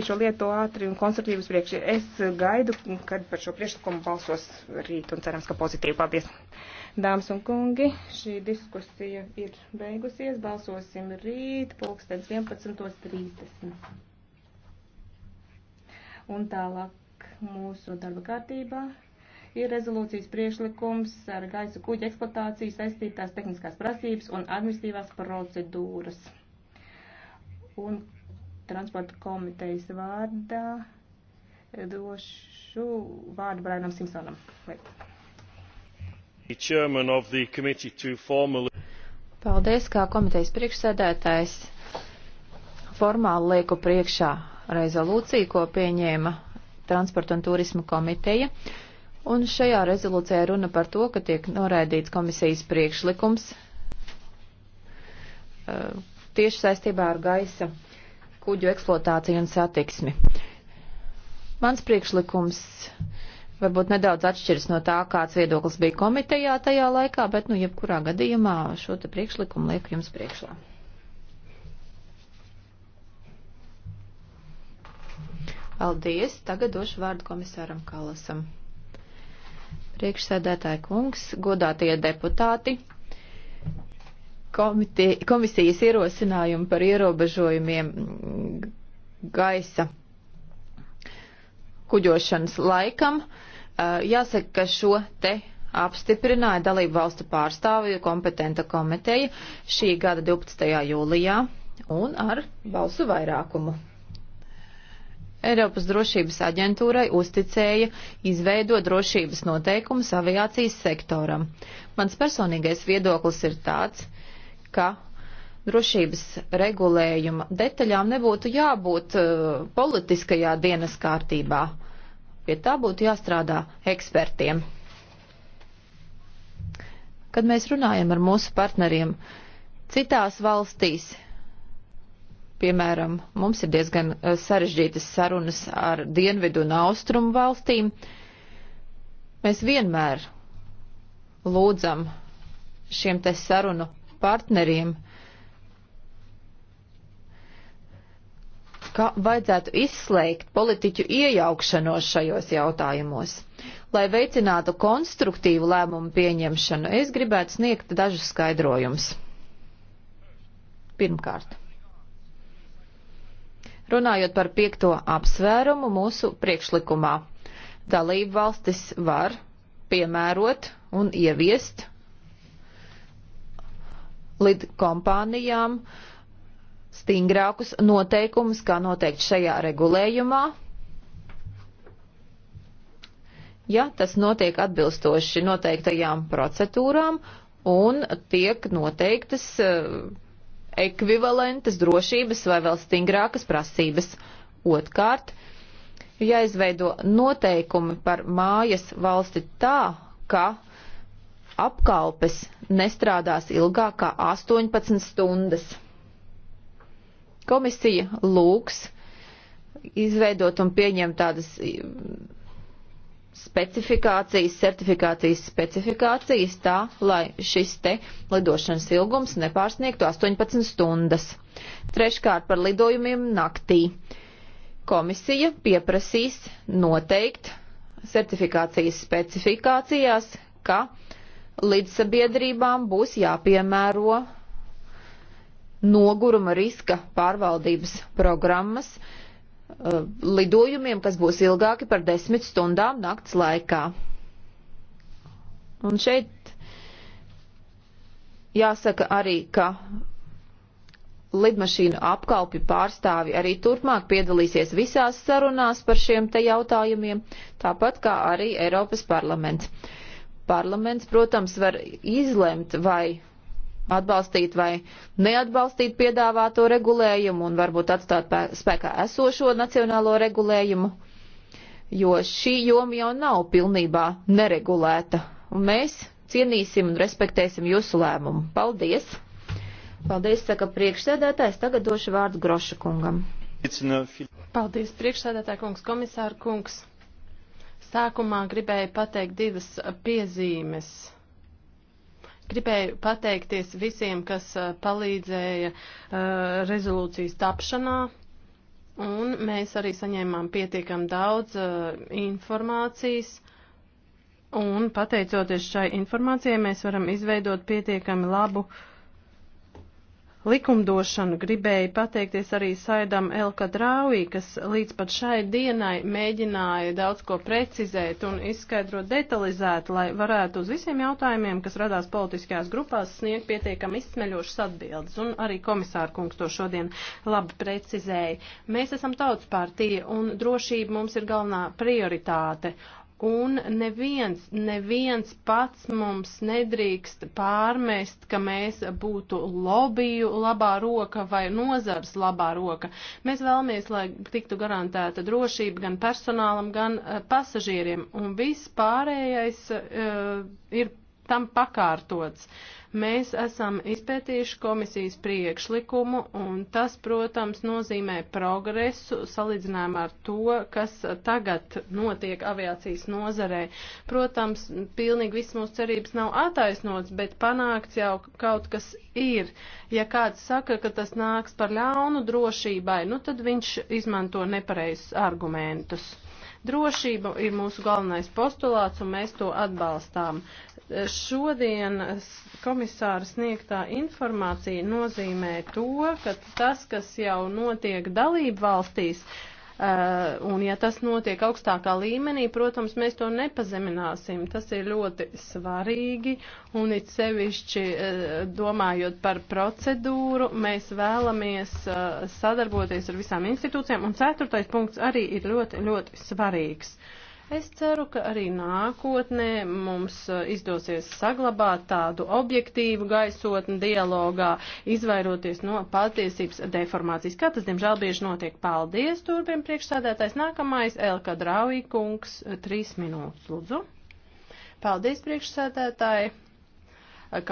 šo lietu ātri un konstruktīvas priekš. Es gaidu, kad par šo priekšlikumu balsos rīt un cerams, ka pozitīvi. Paldies! Dāmas un kungi, šī diskusija ir beigusies. Balsosim rīt pulkstens 11.30. Un tālāk mūsu darba kārtībā ir rezolūcijas priešlikums ar gaisa kuģa eksploatāciju saistītās tehniskās prasības un administratīvās procedūras. Un transporta komitejas vārdā došu vārdu Brainam Simpsonam. Paldies, kā komitejas priekšsēdētājs. Formāli lieku priekšā rezolūciju, ko pieņēma Transporta un turisma komiteja. Un šajā rezolūcijā runa par to, ka tiek noraidīts komisijas priekšlikums uh, tieši saistībā ar gaisa kuģu eksploatāciju un satiksmi. Mans priekšlikums varbūt nedaudz atšķiras no tā, kāds viedoklis bija komitejā tajā laikā, bet, nu, jebkurā gadījumā šo te priekšlikumu lieku jums priekšlā. Paldies! Tagad došu vārdu komisāram Kalasam. Priekšsēdētāja kungs, godātie deputāti, komite, komisijas ierosinājumu par ierobežojumiem gaisa kuģošanas laikam. Jāsaka, ka šo te apstiprināja dalību valstu pārstāvju kompetenta komiteja šī gada 12. jūlijā un ar balsu vairākumu. Eiropas drošības aģentūrai uzticēja izveidot drošības noteikumus aviācijas sektoram. Mans personīgais viedoklis ir tāds, ka drošības regulējuma detaļām nebūtu jābūt uh, politiskajā dienas kārtībā. Pie tā būtu jāstrādā ekspertiem. Kad mēs runājam ar mūsu partneriem citās valstīs, piemēram, mums ir diezgan e, sarežģītas sarunas ar dienvidu un austrumu valstīm, mēs vienmēr lūdzam šiem te sarunu partneriem, ka vajadzētu izslēgt politiķu iejaukšanos šajos jautājumos. Lai veicinātu konstruktīvu lēmumu pieņemšanu, es gribētu sniegt dažus skaidrojumus. Pirmkārt, runājot par piekto apsvērumu mūsu priekšlikumā, dalību valstis var piemērot un ieviest līdz kompānijām stingrākus noteikumus, kā noteikti šajā regulējumā. Ja tas notiek atbilstoši noteiktajām procedūrām un tiek noteiktas eh, ekvivalentas drošības vai vēl stingrākas prasības. Otkārt, jāizveido noteikumi par mājas valsti tā, ka uh, apkalpes nestrādās ilgāk kā 18 stundas. Komisija lūgs izveidot un pieņemt tādas mm, specifikācijas, certifikācijas specifikācijas tā, lai šis te lidošanas ilgums nepārsniegtu 18 stundas. Treškārt par lidojumiem naktī. Komisija pieprasīs noteikt certifikācijas specifikācijās, ka uh, Līdzsabiedrībām būs jāpiemēro noguruma riska pārvaldības programmas uh, lidojumiem, kas būs ilgāki par desmit stundām nakts laikā. Un šeit jāsaka arī, ka lidmašīnu apkalpi pārstāvi arī turpmāk piedalīsies visās sarunās par šiem te jautājumiem, tāpat kā arī Eiropas parlaments. Parlaments, protams, var izlemt, vai atbalstīt vai neatbalstīt piedāvāto regulējumu un varbūt atstāt spēkā esošo nacionālo regulējumu, jo šī joma jau nav pilnībā neregulēta. Un mēs cienīsim un respektēsim jūsu lēmumu. Paldies! Paldies, saka priekšsēdētājs. Tagad došu vārdu Groša kungam. Paldies, priekšsēdētāja kungs, komisāra kungs. Sākumā gribēju pateikt divas piezīmes. Gribēju pateikties visiem, kas eh, palīdzēja uh, rezolūcijas tapšanā. Un mēs arī saņēmām pietiekam daudz uh, informācijas. Un pateicoties šai informācijai, mēs varam izveidot pietiekami labu uh, likumdošanu. Gribēju pateikties arī Saidam Elkadrāvī, kas līdz pat šai dienai mēģināja daudz ko precizēt un izskaidrot detalizēt, lai varētu uz visiem jautājumiem, kas radās politiskajās grupās, sniegt pietiekam izsmeļošas atbildes. Un arī komisāra kungs to šodien labi precizēja. Mēs esam tautas partija un drošība mums ir galvenā prioritāte. Un neviens, neviens pats mums nedrīkst pārmest, ka mēs būtu lobiju labā roka vai nozars labā roka. Mēs vēlamies, lai tiktu garantēta drošība gan personālam, gan eh, pasažieriem. Un viss pārējais uh, ir tam pakārtots. Mēs esam izpētījuši komisijas priekšlikumu, un tas, protams, nozīmē progresu salīdzinājumā ar to, kas tagad notiek aviācijas nozarē. Protams, pilnīgi viss mūsu cerības nav attaisnots, bet panākts jau kaut kas ir. Ja kāds saka, ka tas nāks par ļaunu drošībai, nu tad viņš izmanto nepareizus argumentus. Drošība ir mūsu galvenais postulāts, un mēs to atbalstām. Šodien komisāra sniegtā informācija nozīmē to, ka tas, kas jau notiek dalību valstīs, uh, un ja tas notiek augstākā līmenī, protams, mēs to nepazemināsim. Tas ir ļoti svarīgi, un it sevišķi uh, domājot par procedūru, mēs vēlamies uh, sadarboties ar visām institūcijām, un ceturtais punkts arī ir ļoti, ļoti svarīgs. Uh, Es ceru, ka arī nākotnē mums uh, izdosies saglabāt tādu objektīvu gaisotni dialogā, izvairoties no patiesības deformācijas. Kā tas, diemžēl, bieži notiek. Paldies, turpiem priekšsādētājs. Nākamais Elka Draujkungs, uh, trīs minūtes, lūdzu. Paldies, priekšsādētāji.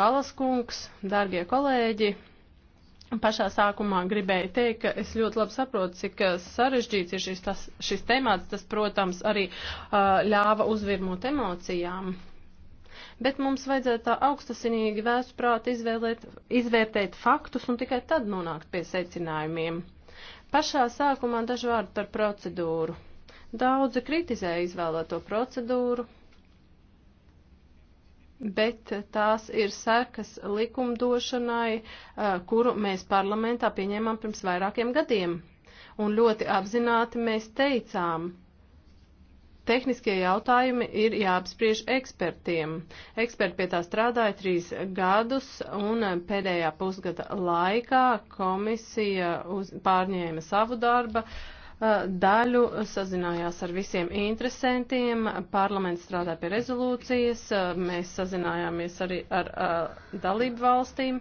Kalas kungs, dārgie kolēģi. Pašā sākumā gribēju teikt, ka es ļoti labi saprotu, cik eh, sarežģīts ir šis, tas, šis temats. Tas, protams, arī uh, ļāva uzvirmot emocijām. Bet mums vajadzētu tā augstasinīgi vēsturprāt izvērtēt faktus un tikai tad nonākt pie secinājumiem. Pašā sākumā daži vārdi par procedūru. Daudzi kritizēja izvēlēto procedūru, bet tās ir sekas likumdošanai, eh, kuru mēs parlamentā pieņēmām pirms vairākiem gadiem. Un ļoti apzināti mēs teicām, tehniskie jautājumi ir jāapspriež ekspertiem. Eksperti pie tā strādāja trīs gadus, un pēdējā pusgada laikā komisija uz, pārņēma savu darbu. Uh, daļu, sazinājās ar visiem interesantiem, parlaments strādā pie rezolūcijas, mēs sazinājāmies arī ar, ar dalību valstīm.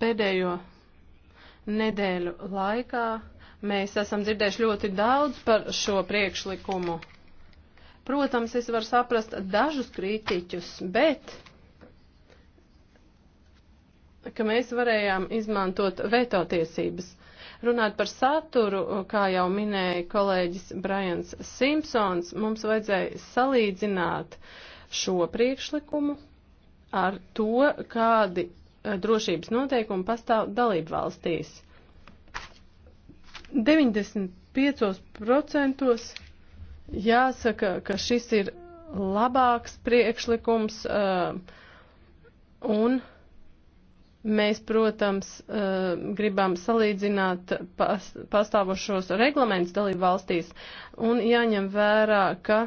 Pēdējo nedēļu laikā mēs esam dzirdējuši ļoti daudz par šo priekšlikumu. Protams, es varu saprast dažus kritiķus, bet ka mēs varējām izmantot veto tiesības. Runāt par saturu, kā jau minēja kolēģis Brians Simpsons, mums vajadzēja salīdzināt šo priekšlikumu ar to, kādi eh, drošības noteikumi pastāv dalību valstīs. 95% jāsaka, ka šis ir labāks priekšlikums uh, un Mēs, protams, eh, gribam salīdzināt pastāvošos reglamentus dalību valstīs un jāņem vērā, ka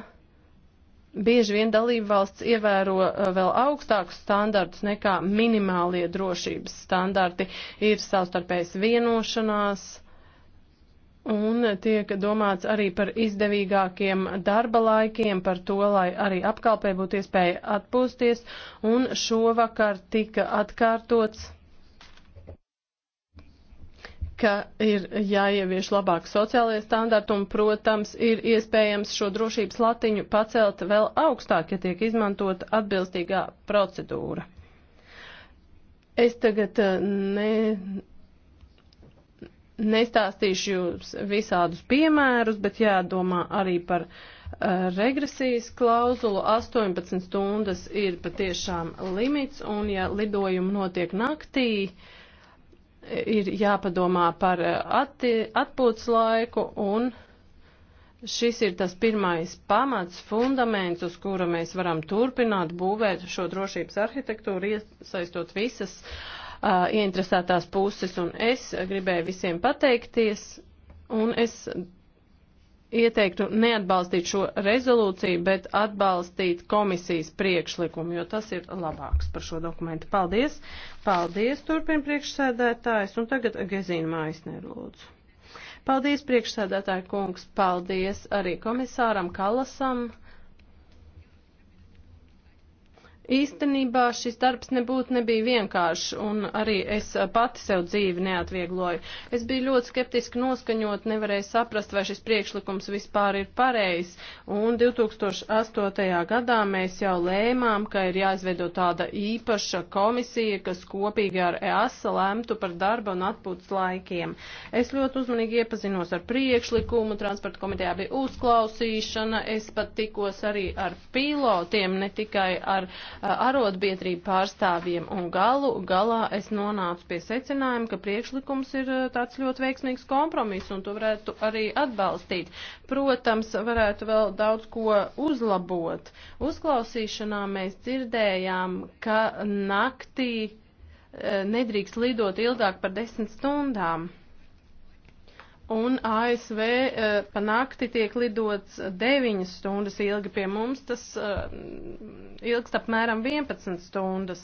bieži vien dalību valsts ievēro eh, vēl augstākus standartus nekā minimālie drošības standarti. Ir savstarpējas vienošanās Un tiek domāts arī par izdevīgākiem darba laikiem, par to, lai arī apkalpē būtu iespēja atpūsties. Un šovakar tika atkārtots, ka ir jāievieš labāk sociālajie standarti un, protams, ir iespējams šo drošības latiņu pacelt vēl augstāk, ja tiek izmantota atbilstīgā procedūra. Es tagad eh, ne Nestāstīšu jūs visādus piemērus, bet jādomā arī par eh, regresijas klauzulu 18 stundas ir patiešām limits, un ja lidojumi notiek naktī, ir jāpadomā par eh, atti, atpūtas laiku, un šis ir tas pirmais pamats, fundaments, uz kura mēs varam turpināt būvēt šo drošības arhitektūru, iesaistot visas uh, uh, ieinteresētās puses, un es gribēju visiem pateikties, un es ieteiktu neatbalstīt šo rezolūciju, bet atbalstīt komisijas priekšlikumu, jo tas ir labāks par šo dokumentu. Paldies! Paldies, turpina priekšsēdētājs, un tagad Gezīna Maisner lūdzu. Paldies, priekšsēdētāja kungs, paldies arī komisāram Kalasam Īstenībā šis darbs nebūtu nebija vienkāršs, un arī es eh, pati sev dzīvi neatviegloju. Es biju ļoti skeptiski noskaņot, nevarēju saprast, vai šis priekšlikums vispār ir pareizs, un 2008. gadā mēs jau lēmām, ka ir jāizveido tāda īpaša komisija, kas kopīgi ar EASA lemtu par darba un atpūtas laikiem. Es ļoti uzmanīgi iepazinos ar priekšlikumu, transporta komitejā bija uzklausīšana, es pat tikos arī ar pilotiem, ne tikai ar arotbiedrību pārstāvjiem, un galu galā es nonācu pie secinājuma, ka priekšlikums ir eh, tāds ļoti veiksmīgs kompromiss, un to varētu arī atbalstīt. Protams, varētu vēl daudz ko uzlabot. Uzklausīšanā mēs dzirdējām, ka naktī eh, nedrīkst lidot ilgāk par desmit stundām. Un ASV uh, eh, pa nakti tiek lidots 9 stundas ilgi pie mums, tas uh, ilgst apmēram 11 stundas.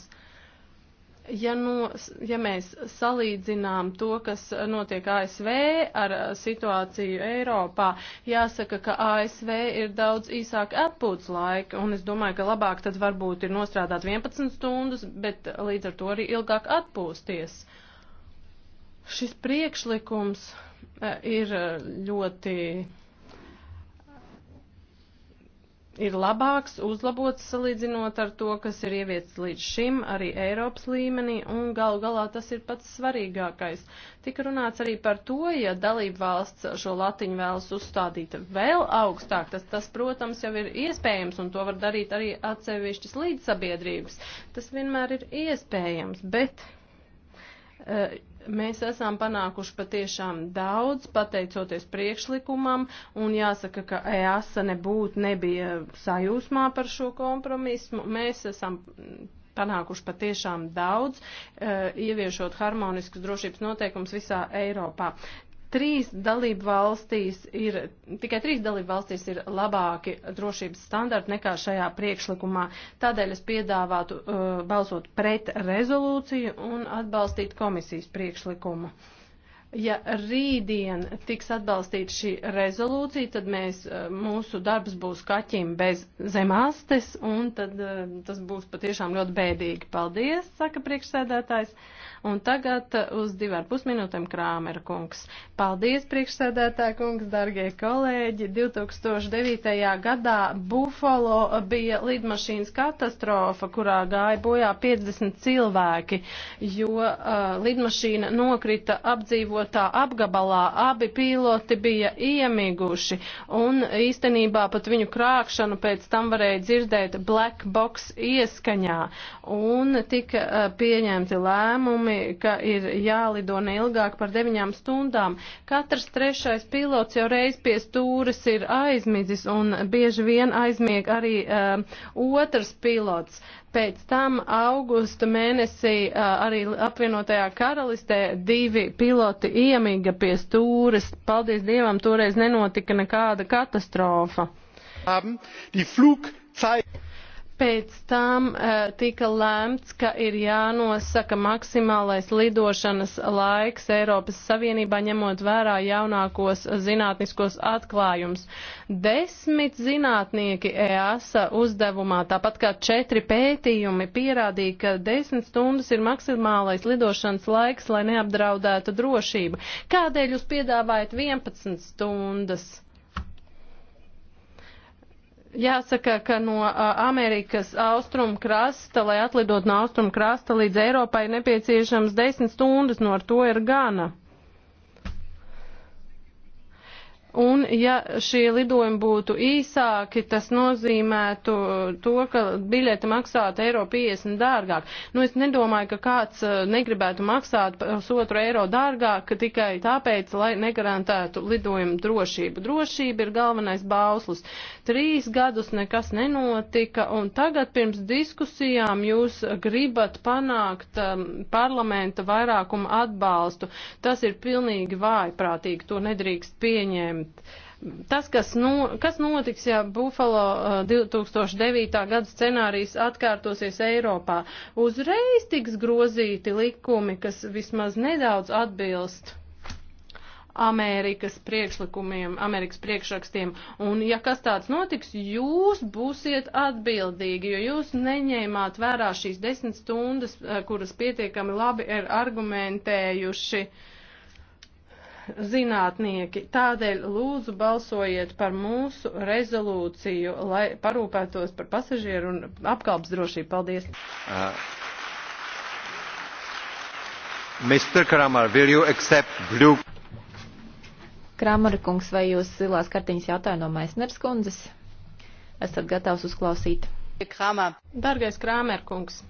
Ja, no, ja mēs salīdzinām to, kas notiek ASV ar eh, situāciju Eiropā, jāsaka, ka ASV ir daudz īsāk atpūtas laika, un es domāju, ka labāk tad varbūt ir nostrādāt 11 stundas, bet līdz ar to arī ilgāk atpūsties. Šis priekšlikums ir ļoti ir labāks, uzlabots salīdzinot ar to, kas ir ieviests līdz šim, arī Eiropas līmenī, un galu galā tas ir pats svarīgākais. Tika runāts arī par to, ja dalība valsts šo latiņu vēlas uzstādīt vēl augstāk, tas, tas, protams, jau ir iespējams, un to var darīt arī atsevišķas līdzsabiedrības. Tas vienmēr ir iespējams, bet. Uh, Mēs esam panākuši patiešām daudz, pateicoties priekšlikumam, un jāsaka, ka EASA nebūtu nebija sajūsmā par šo kompromisu. Mēs esam panākuši patiešām daudz, e, ieviešot harmoniskus drošības noteikumus visā Eiropā. Trīs dalību valstīs ir, tikai trīs dalību valstīs ir labāki drošības standarti nekā šajā priekšlikumā. Tādēļ es piedāvātu uh, balsot pret rezolūciju un atbalstīt komisijas priekšlikumu. Ja rītdien tiks atbalstīta šī rezolūcija, tad mēs, uh, mūsu darbs būs kaķim bez zemāstes, un tad uh, tas būs patiešām ļoti bēdīgi. Paldies, saka priekšsēdētājs. Un tagad uz divām pusminūtēm Krāmera kungs. Paldies, priekšsēdētāja kungs, dargie kolēģi. 2009. gadā Buffalo bija lidmašīnas katastrofa, kurā gāja bojā 50 cilvēki, jo uh, lidmašīna nokrita apdzīvotā apgabalā. Abi piloti bija iemiguši un īstenībā pat viņu krākšanu pēc tam varēja dzirdēt black box ieskaņā. Un tika uh, pieņemti lēmumi lēmumi, ka ir jālido neilgāk par deviņām stundām. Katrs trešais pilots jau reiz pie stūres ir aizmidzis un bieži vien aizmieg arī uh, otrs pilots. Pēc tam augusta mēnesī uh, arī apvienotajā karalistē divi piloti iemiga pie stūres. Paldies Dievam, toreiz nenotika nekāda katastrofa. Haben, die Flugzeit... Pēc tam uh, tika lēmts, ka ir jānosaka maksimālais lidošanas laiks Eiropas Savienībā, ņemot vērā jaunākos zinātniskos atklājumus. Desmit zinātnieki EASA uzdevumā, tāpat kā četri pētījumi, pierādīja, ka desmit stundas ir maksimālais lidošanas laiks, lai neapdraudētu drošību. Kādēļ jūs piedāvājat 11 stundas? Jāsaka, ka no Amerikas austrumu krasta, lai atlidot no austrumu krasta līdz Eiropai, ir nepieciešams desmit stundas, no ar to ir gana. Un, ja šie lidojumi būtu īsāki, tas nozīmētu to, ka biļete maksātu eiro 50 dārgāk. Nu, es nedomāju, ka kāds eh, negribētu maksāt pusotru eiro dārgāk tikai tāpēc, lai negarantētu lidojumu drošību. Drošība ir galvenais bauslis. Trīs gadus nekas nenotika, un tagad pirms diskusijām jūs gribat panākt um, parlamenta vairākumu atbalstu. Tas ir pilnīgi vājprātīgi, to nedrīkst pieņemt pieņemt. Tas, kas, no, kas notiks, ja Buffalo 2009. Eh, gada scenārijs atkārtosies Eiropā, uzreiz tiks grozīti likumi, kas vismaz nedaudz atbilst Amerikas priekšlikumiem, Amerikas priekšrakstiem. Un ja kas tāds notiks, jūs būsiet atbildīgi, jo jūs neņēmāt vērā šīs desmit stundas, eh, kuras pietiekami labi ir argumentējuši uh, zinātnieki. Tādēļ lūdzu balsojiet par mūsu rezolūciju, lai parūpētos par pasažieru un apkalpas drošību. Paldies! Uh. Mr. Kramer, will you accept blue? Kramara kungs, vai jūs silās kartiņas jautājumu no Maisners kundzes? Esat gatavs uzklausīt. Kramer. Dargais Kramer kungs,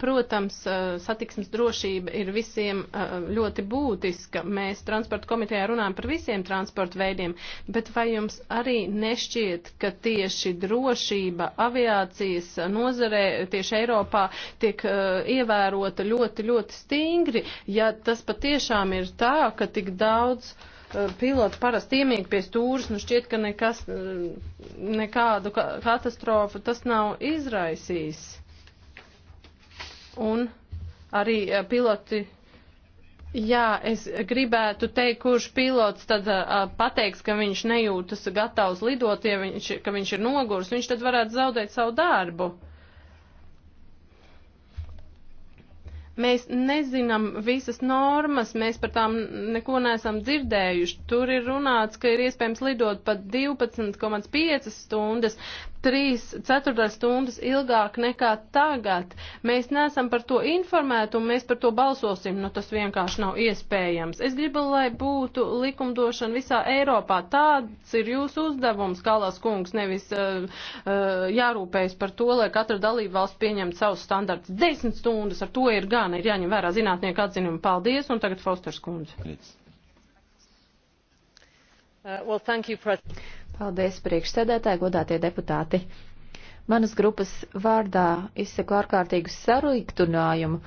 Protams, eh, satiksmes drošība ir visiem eh, ļoti būtiska. Mēs transporta komitejā runājam par visiem transporta veidiem, bet vai jums arī nešķiet, ka tieši drošība aviācijas nozarē tieši Eiropā tiek eh, ievērota ļoti, ļoti stingri, ja tas patiešām ir tā, ka tik daudz piloti parasti iemīg pie stūras, nu šķiet, ka nekas, nekādu katastrofu tas nav izraisījis un arī eh, piloti. Jā, es gribētu teikt, kurš pilots tad uh, pateiks, ka viņš nejūtas gatavs lidot, ja viņš, ka viņš ir nogurs, viņš tad varētu zaudēt savu darbu. Mēs nezinām visas normas, mēs par tām neko neesam dzirdējuši. Tur ir runāts, ka ir iespējams lidot pat 12,5 stundas trīs ceturtās stundas ilgāk nekā tagad. Mēs neesam par to informēti un mēs par to balsosim, nu tas vienkārši nav iespējams. Es gribu, lai būtu likumdošana visā Eiropā. Tāds ir jūsu uzdevums, Kalas kungs, nevis uh, uh, jārūpējas par to, lai katra dalība valsts pieņemtu savus standartus. Desmit stundas ar to ir gan, ir jāņem vērā zinātnieku atzinumi. Paldies, un tagad Fosters kundze. Līdz. Uh, well, you, Paldies, priekšsēdētāji, godātie deputāti. Manas grupas vārdā izsaku ārkārtīgu sarūktinājumu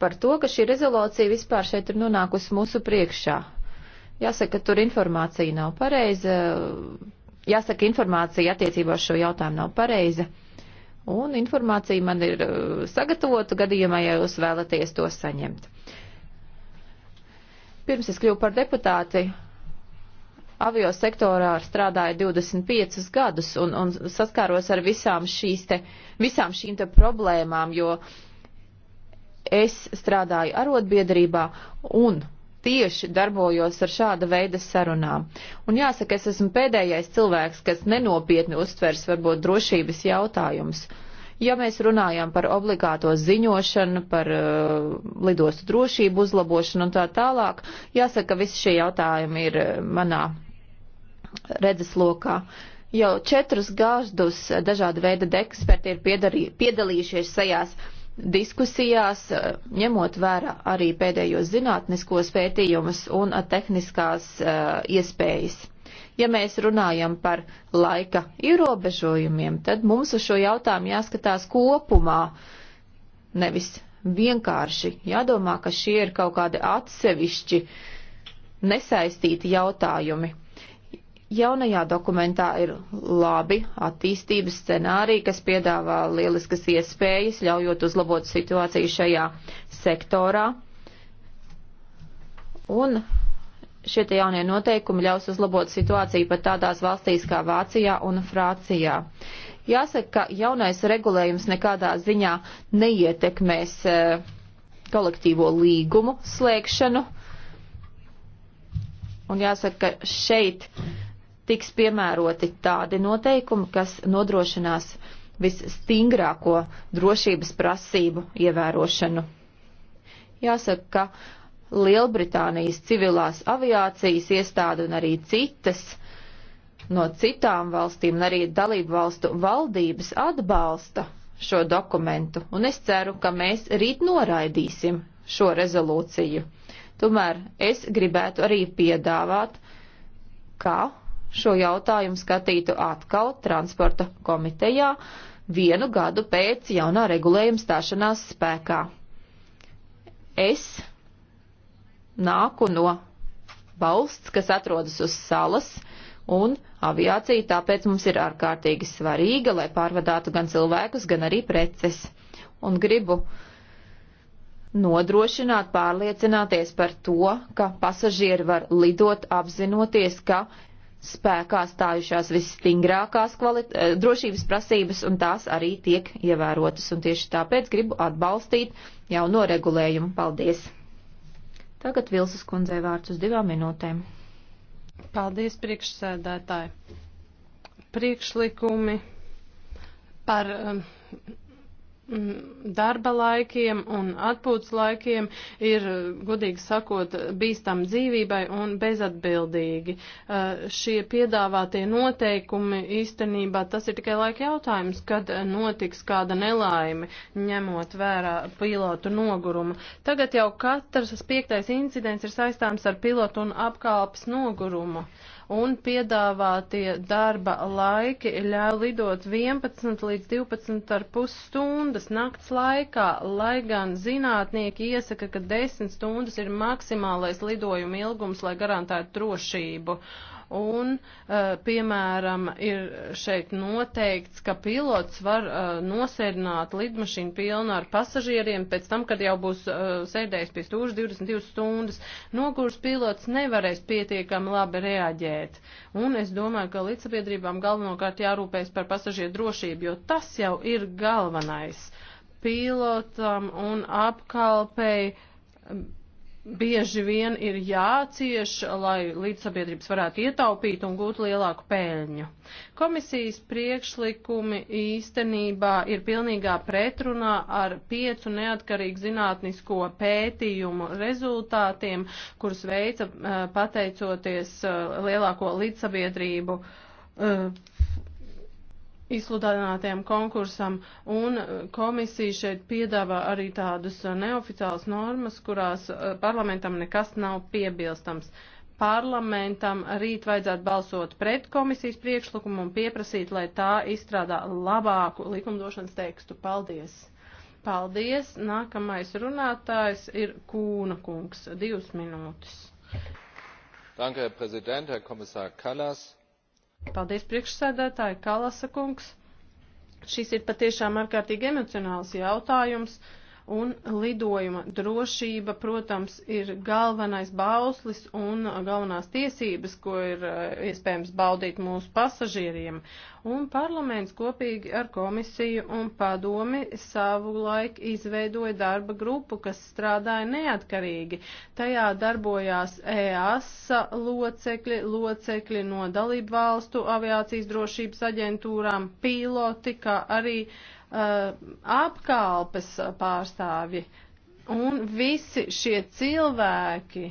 par to, ka šī rezolūcija vispār šeit ir nonākusi mūsu priekšā. Jāsaka, tur informācija nav pareiza. Jāsaka, informācija attiecībā uz šo jautājumu nav pareiza. Un informācija man ir uh, sagatavota gadījumā, ja jūs vēlaties to saņemt. Pirms es kļuvu par deputāti, avio sektorā strādāju 25 gadus un, un saskāros ar visām, šīs te, visām šīm te problēmām, jo es strādāju arotbiedrībā un tieši darbojos ar šāda veida sarunām. Un jāsaka, es esmu pēdējais cilvēks, kas nenopietni uztvers varbūt drošības jautājumus. Ja mēs runājam par obligāto ziņošanu, par uh, lidostu drošību uzlabošanu un tā tālāk, jāsaka, visi šie jautājumi ir uh, manā redzeslokā. Jau četrus gadus dažāda veida eksperti ir piedarī, piedalījušies šajās diskusijās, ņemot vērā arī pēdējos zinātniskos pētījumus un tehniskās uh, iespējas. Ja mēs runājam par laika ierobežojumiem, tad mums uz šo jautājumu jāskatās kopumā, nevis vienkārši jādomā, ka šie ir kaut kādi atsevišķi nesaistīti jautājumi. Jaunajā dokumentā ir labi attīstības scenāriji, kas piedāvā lieliskas iespējas, ļaujot uzlabot situāciju šajā sektorā. Un šie jaunie noteikumi ļaus uzlabot situāciju pat tādās valstīs kā Vācijā un Frācijā. Jāsaka, ka jaunais regulējums nekādā ziņā neietekmēs eh, kolektīvo līgumu slēgšanu. Un jāsaka, ka šeit tiks piemēroti tādi noteikumi, kas nodrošinās visstingrāko drošības prasību ievērošanu. Jāsaka, ka Lielbritānijas civilās aviācijas iestāde un arī citas no citām valstīm un arī dalību valstu valdības atbalsta šo dokumentu, un es ceru, ka mēs rīt noraidīsim šo rezolūciju. Tomēr es gribētu arī piedāvāt, ka šo jautājumu skatītu atkal transporta komitejā vienu gadu pēc jaunā regulējuma stāšanās spēkā. Es nāku no valsts, kas atrodas uz salas, un aviācija tāpēc mums ir ārkārtīgi svarīga, lai pārvadātu gan cilvēkus, gan arī preces. Un gribu nodrošināt, pārliecināties par to, ka pasažieri var lidot apzinoties, ka spēkā stājušās visstingrākās eh, drošības prasības, un tās arī tiek ievērotas. Un tieši tāpēc gribu atbalstīt jauno regulējumu. Paldies! Tagad Vilsas kundzei vārds uz divām minūtēm. Paldies, priekšsēdētāji! Priekšlikumi par. Um, Mm, darba laikiem un atpūtas laikiem ir, godīgi sakot, bīstam dzīvībai un bezatbildīgi. Eh, šie piedāvātie noteikumi īstenībā tas ir tikai laika jautājums, kad notiks kāda nelaime, ņemot vērā pilotu nogurumu. Tagad jau katrs piektais incidents ir saistāms ar pilotu un apkalpes nogurumu un piedāvātie darba laiki ļauj lidot 11 līdz 12,5 stundu stundas nakts laikā, lai gan zinātnieki iesaka, ka 10 stundas ir maksimālais lidojuma ilgums, lai garantētu drošību. Uh, un, eh, piemēram, ir šeit noteikts, ka pilots var eh, nosēdināt lidmašīnu pilnu ar pasažieriem pēc tam, kad jau būs eh, sēdējis pie stūža 22 stundas, no kuras pilots nevarēs pietiekami labi reaģēt. Un es domāju, ka līdzsabiedrībām galvenokārt jārūpējas par pasažieru drošību, jo tas jau ir galvenais pilotam un apkalpei bieži vien ir jācieš, lai līdzsabiedrības varētu ietaupīt un gūt lielāku pēļņu. Komisijas priekšlikumi īstenībā ir pilnīgā pretrunā ar piecu neatkarīgu zinātnisko pētījumu rezultātiem, kurus veica eh, pateicoties eh, lielāko līdzsabiedrību eh, izsludinātajam konkursam, un uh, komisija šeit piedāvā arī tādas uh, neoficiālas normas, kurās uh, parlamentam nekas nav piebilstams. Parlamentam rīt vajadzētu balsot pret komisijas priekšlikumu un pieprasīt, lai tā izstrādā labāku likumdošanas tekstu. Paldies! Paldies! Nākamais runātājs ir Kūna kungs. Divas minūtes. Danke, Herr Präsident, Herr Kommissar Kallas Paldies priekšsēdētāji, Kalasa kungs. Šis ir patiešām ārkārtīgi emocionāls jautājums. Uh, Un lidojuma drošība, protams, ir galvenais bauslis un galvenās tiesības, ko ir eh, iespējams baudīt mūsu pasažieriem. Un parlaments kopīgi ar komisiju un padomi savu laiku izveidoja darba grupu, kas strādāja neatkarīgi. Tajā darbojās EASA locekļi, locekļi no dalību valstu aviācijas drošības aģentūrām, piloti, kā arī uh, Uh, apkalpes pārstāvji. Un visi šie cilvēki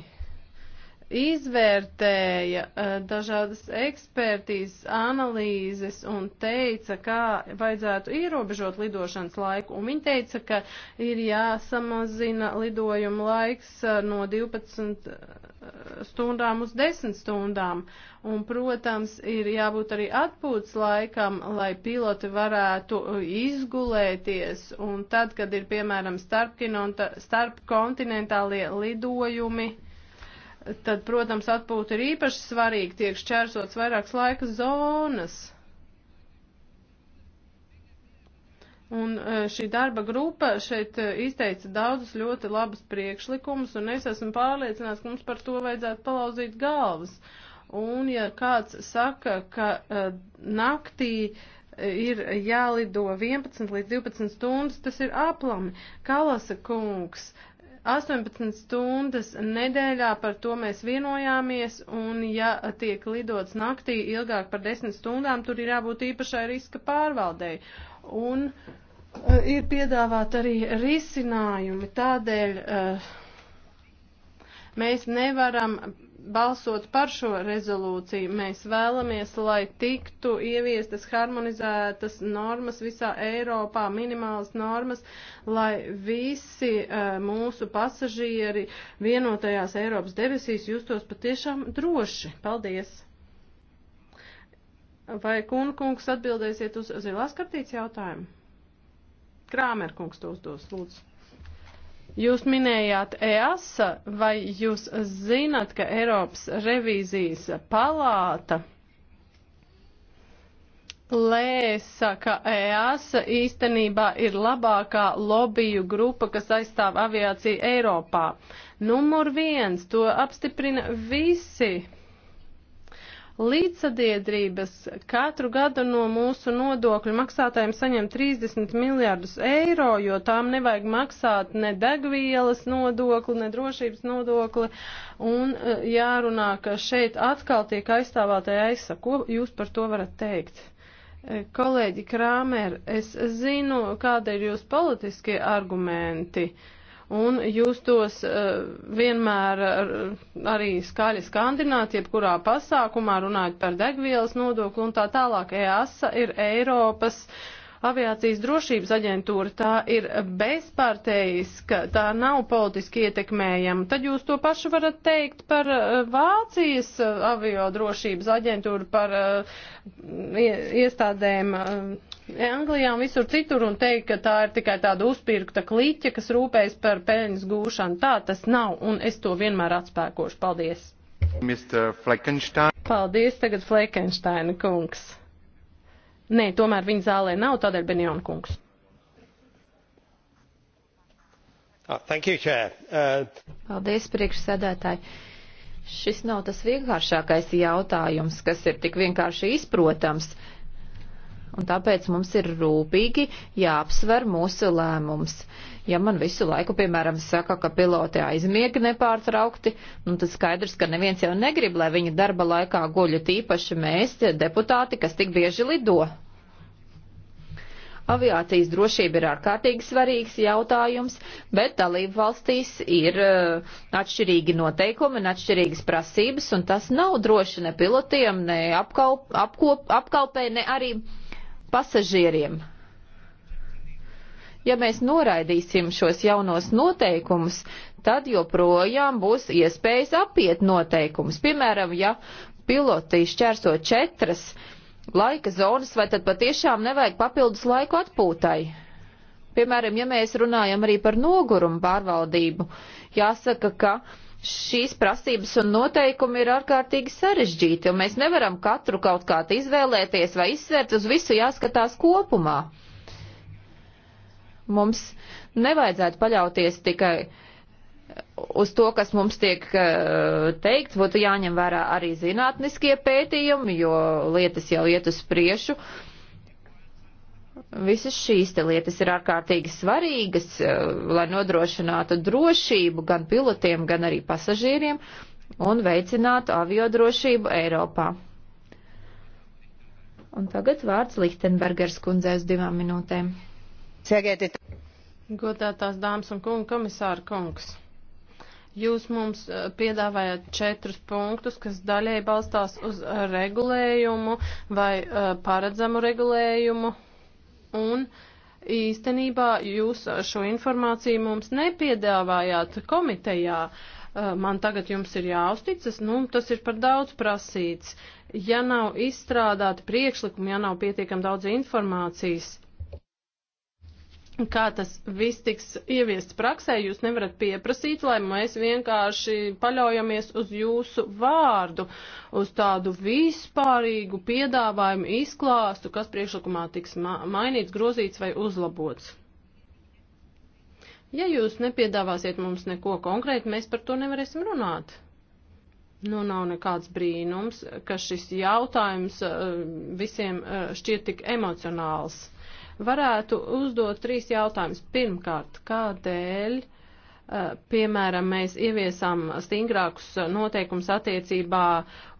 izvērtēja uh, dažādas ekspertīzes, analīzes un teica, kā vajadzētu ierobežot lidošanas laiku. Un viņi teica, ka ir jāsamazina lidojuma laiks uh, no 12 stundām uz desmit stundām. Un, protams, ir jābūt arī atpūtas laikam, lai piloti varētu uh, izgulēties. Un tad, kad ir, piemēram, starpkontinentālie starp lidojumi, tad, protams, atpūta ir īpaši svarīga, tiek šķērsots vairākas laika zonas. Un e, šī darba grupa šeit e, izteica daudzus ļoti labus priekšlikumus, un es esmu pārliecināts, ka mums par to vajadzētu palauzīt galvas. Un ja kāds saka, ka uh, naktī ir jālido 11 līdz 12 stundas, tas ir aplami. Kalasa kungs, 18 stundas nedēļā par to mēs vienojāmies, un ja tiek lidots naktī ilgāk par 10 stundām, tur ir jābūt īpašai riska pārvaldei un uh, ir piedāvāt arī risinājumi. Tādēļ uh, mēs nevaram balsot par šo rezolūciju. Mēs vēlamies, lai tiktu ieviestas harmonizētas normas visā Eiropā, minimālas normas, lai visi uh, mūsu pasažieri vienotajās Eiropas debesīs justos patiešām droši. Paldies! Vai Kunkungs atbildēsiet uz zilās kartītes jautājumu? Krāmerkungs to uzdos, lūdzu. Jūs minējāt EASA, vai jūs zinat, ka Eiropas revīzijas palāta lēsa, ka EASA īstenībā ir labākā lobiju grupa, kas aizstāv aviāciju Eiropā? Numur viens, to apstiprina visi līdzsadiedrības katru gadu no mūsu nodokļu maksātājiem saņem 30 miljārdus eiro, jo tām nevajag maksāt ne degvielas nodokli, ne drošības nodokli. Un e, jārunā, ka šeit atkal tiek aizstāvētāja aizsa. Ko jūs par to varat teikt? E, kolēģi Krāmer, es zinu, kāda ir jūs politiskie argumenti. Uh, un jūs tos uh, vienmēr eh, arī skaļi skandināt, jebkurā pasākumā runājot par degvielas nodokli un tā tālāk. EASA ir Eiropas aviācijas drošības aģentūra, tā ir bezpārteiska, tā nav politiski ietekmējama. Tad jūs to pašu varat teikt par eh, Vācijas avio drošības aģentūru, par uh, iestādēm. Uh, Anglijā un visur citur un teikt, ka tā ir tikai tāda uzpirkta kliķa, kas rūpējas par peļņas gūšanu. Tā tas nav, un es to vienmēr atspēkošu. Paldies! Paldies, tagad Fleckensteina kungs. Nē, tomēr viņa zālē nav, tādēļ Benjona kungs. Oh, thank you, Chair. Uh... Paldies, priekšsēdētāji. Šis nav tas vienkāršākais jautājums, kas ir tik vienkārši izprotams. Uh, un tāpēc mums ir rūpīgi jāapsver mūsu lēmums. Ja man visu laiku, piemēram, saka, ka piloti aizmiega nepārtraukti, nu tad skaidrs, ka neviens jau negrib, lai viņa darba laikā guļu tīpaši mēs, deputāti, kas tik bieži lido. Aviācijas drošība ir ārkārtīgi svarīgs jautājums, bet dalību valstīs ir uh, atšķirīgi noteikumi un atšķirīgas prasības, un tas nav droši ne pilotiem, ne apkalp, apkop, apkalpē, ne arī pasažieriem. Ja mēs noraidīsim šos jaunos noteikumus, tad joprojām būs iespējas apiet noteikumus. Piemēram, ja piloti šķērso četras laika zonas, vai tad patiešām nevajag papildus laiku atpūtai? Piemēram, ja mēs runājam arī par nogurumu pārvaldību, jāsaka, ka šīs prasības un noteikumi ir ārkārtīgi sarežģīti, un mēs nevaram katru kaut kā izvēlēties vai izsvērt, uz visu jāskatās kopumā. Mums nevajadzētu paļauties tikai uz to, kas mums tiek eh, teikts, būtu jāņem vērā arī zinātniskie pētījumi, jo lietas jau iet uz priešu, visas šīs te lietas ir ārkārtīgi svarīgas, eh, lai nodrošinātu drošību gan pilotiem, gan arī pasažieriem un veicinātu aviodrošību Eiropā. Un tagad vārds Lichtenbergers kundzē uz divām minūtēm. Sēgētiet. Godātās dāmas un kungi, komisāra kungs. Jūs mums eh, piedāvājat četrus punktus, kas daļai balstās uz regulējumu vai eh, paredzamu regulējumu un īstenībā jūs šo informāciju mums nepiedāvājāt komitejā. Uh, man tagad jums ir jāuzticas, nu, tas ir par daudz prasīts. Ja nav izstrādāti priekšlikumi, ja nav pietiekam daudz informācijas, kā tas viss tiks ieviests praksē, jūs nevarat pieprasīt, lai mēs vienkārši paļaujamies uz jūsu vārdu, uz tādu vispārīgu piedāvājumu izklāstu, kas priekšlikumā tiks ma mainīts, grozīts vai uzlabots. Ja jūs nepiedāvāsiet mums neko konkrētu, mēs par to nevarēsim runāt. Nu, nav nekāds brīnums, ka šis jautājums eh, visiem eh, šķiet tik emocionāls varētu uzdot trīs jautājumus. Pirmkārt, kādēļ? Eh, piemēram, mēs ieviesam stingrākus noteikums attiecībā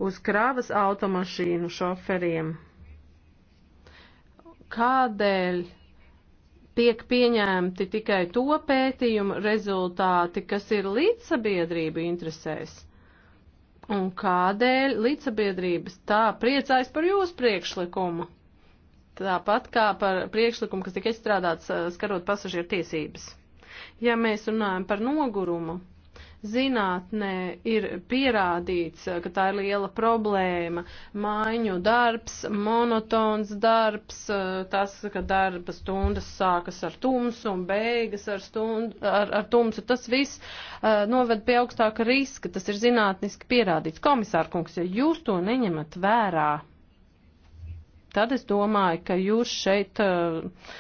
uz kravas automašīnu šoferiem. Kādēļ tiek pieņemti tikai to pētījumu rezultāti, kas ir līdzsabiedrību interesēs? Un kādēļ līdzsabiedrības tā priecājas par jūsu priekšlikumu? tāpat kā par priekšlikumu, kas tika izstrādāts skarot pasažieru tiesības. Ja mēs runājam par nogurumu, zinātnē ir pierādīts, ka tā ir liela problēma. Mājiņu darbs, monotons darbs, tas, ka darba stundas sākas ar tumsu un beigas ar, stundu, ar, ar tumsu, tas viss uh, noved pie augstāka riska. Tas ir zinātniski pierādīts. Komisārkungs, ja jūs to neņemat vērā, tad es domāju, ka jūs šeit uh,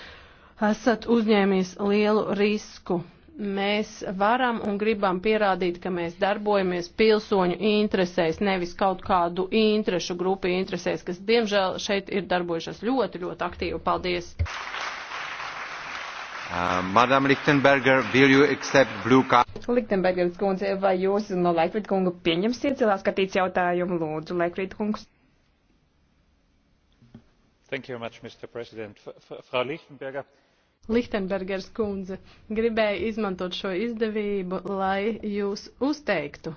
esat uzņēmies lielu risku. Mēs varam un gribam pierādīt, ka mēs darbojamies pilsoņu interesēs, nevis kaut kādu interešu grupu interesēs, kas diemžēl šeit ir darbojušas ļoti, ļoti aktīvi. Paldies! Uh, Madam Lichtenberger, will you accept blue card? Lichtenbergers kundze, vai jūs no Laikvīda kunga pieņemsiet cilvēks skatīts jautājumu? Lūdzu, Laikvīda kungs. Much, Lichtenberger. Lichtenbergers kundze gribēja izmantot šo izdevību, lai jūs uzteiktu.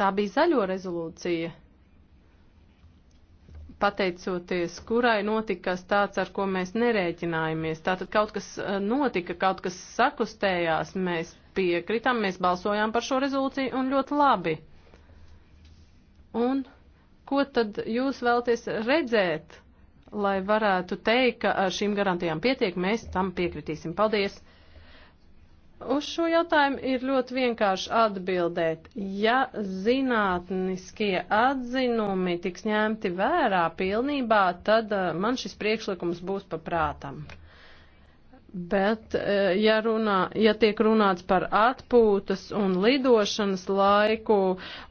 Tā bija zaļo rezolūcija, pateicoties, kurai notika tāds, ar ko mēs nerēķinājāmies. Tātad kaut kas eh, notika, kaut kas sakustējās, mēs piekritām, mēs balsojām par šo rezolūciju un ļoti labi. Un Ko tad jūs vēlties redzēt, lai varētu teikt, ka ar šīm garantijām pietiek, mēs tam piekritīsim. Paldies! Uz šo jautājumu ir ļoti vienkārši atbildēt. Ja zinātniskie atzinumi tiks ņemti vērā pilnībā, tad eh, man šis priekšlikums būs paprātam. Bet, e, ja, runā, ja tiek runāts par atpūtas un lidošanas laiku,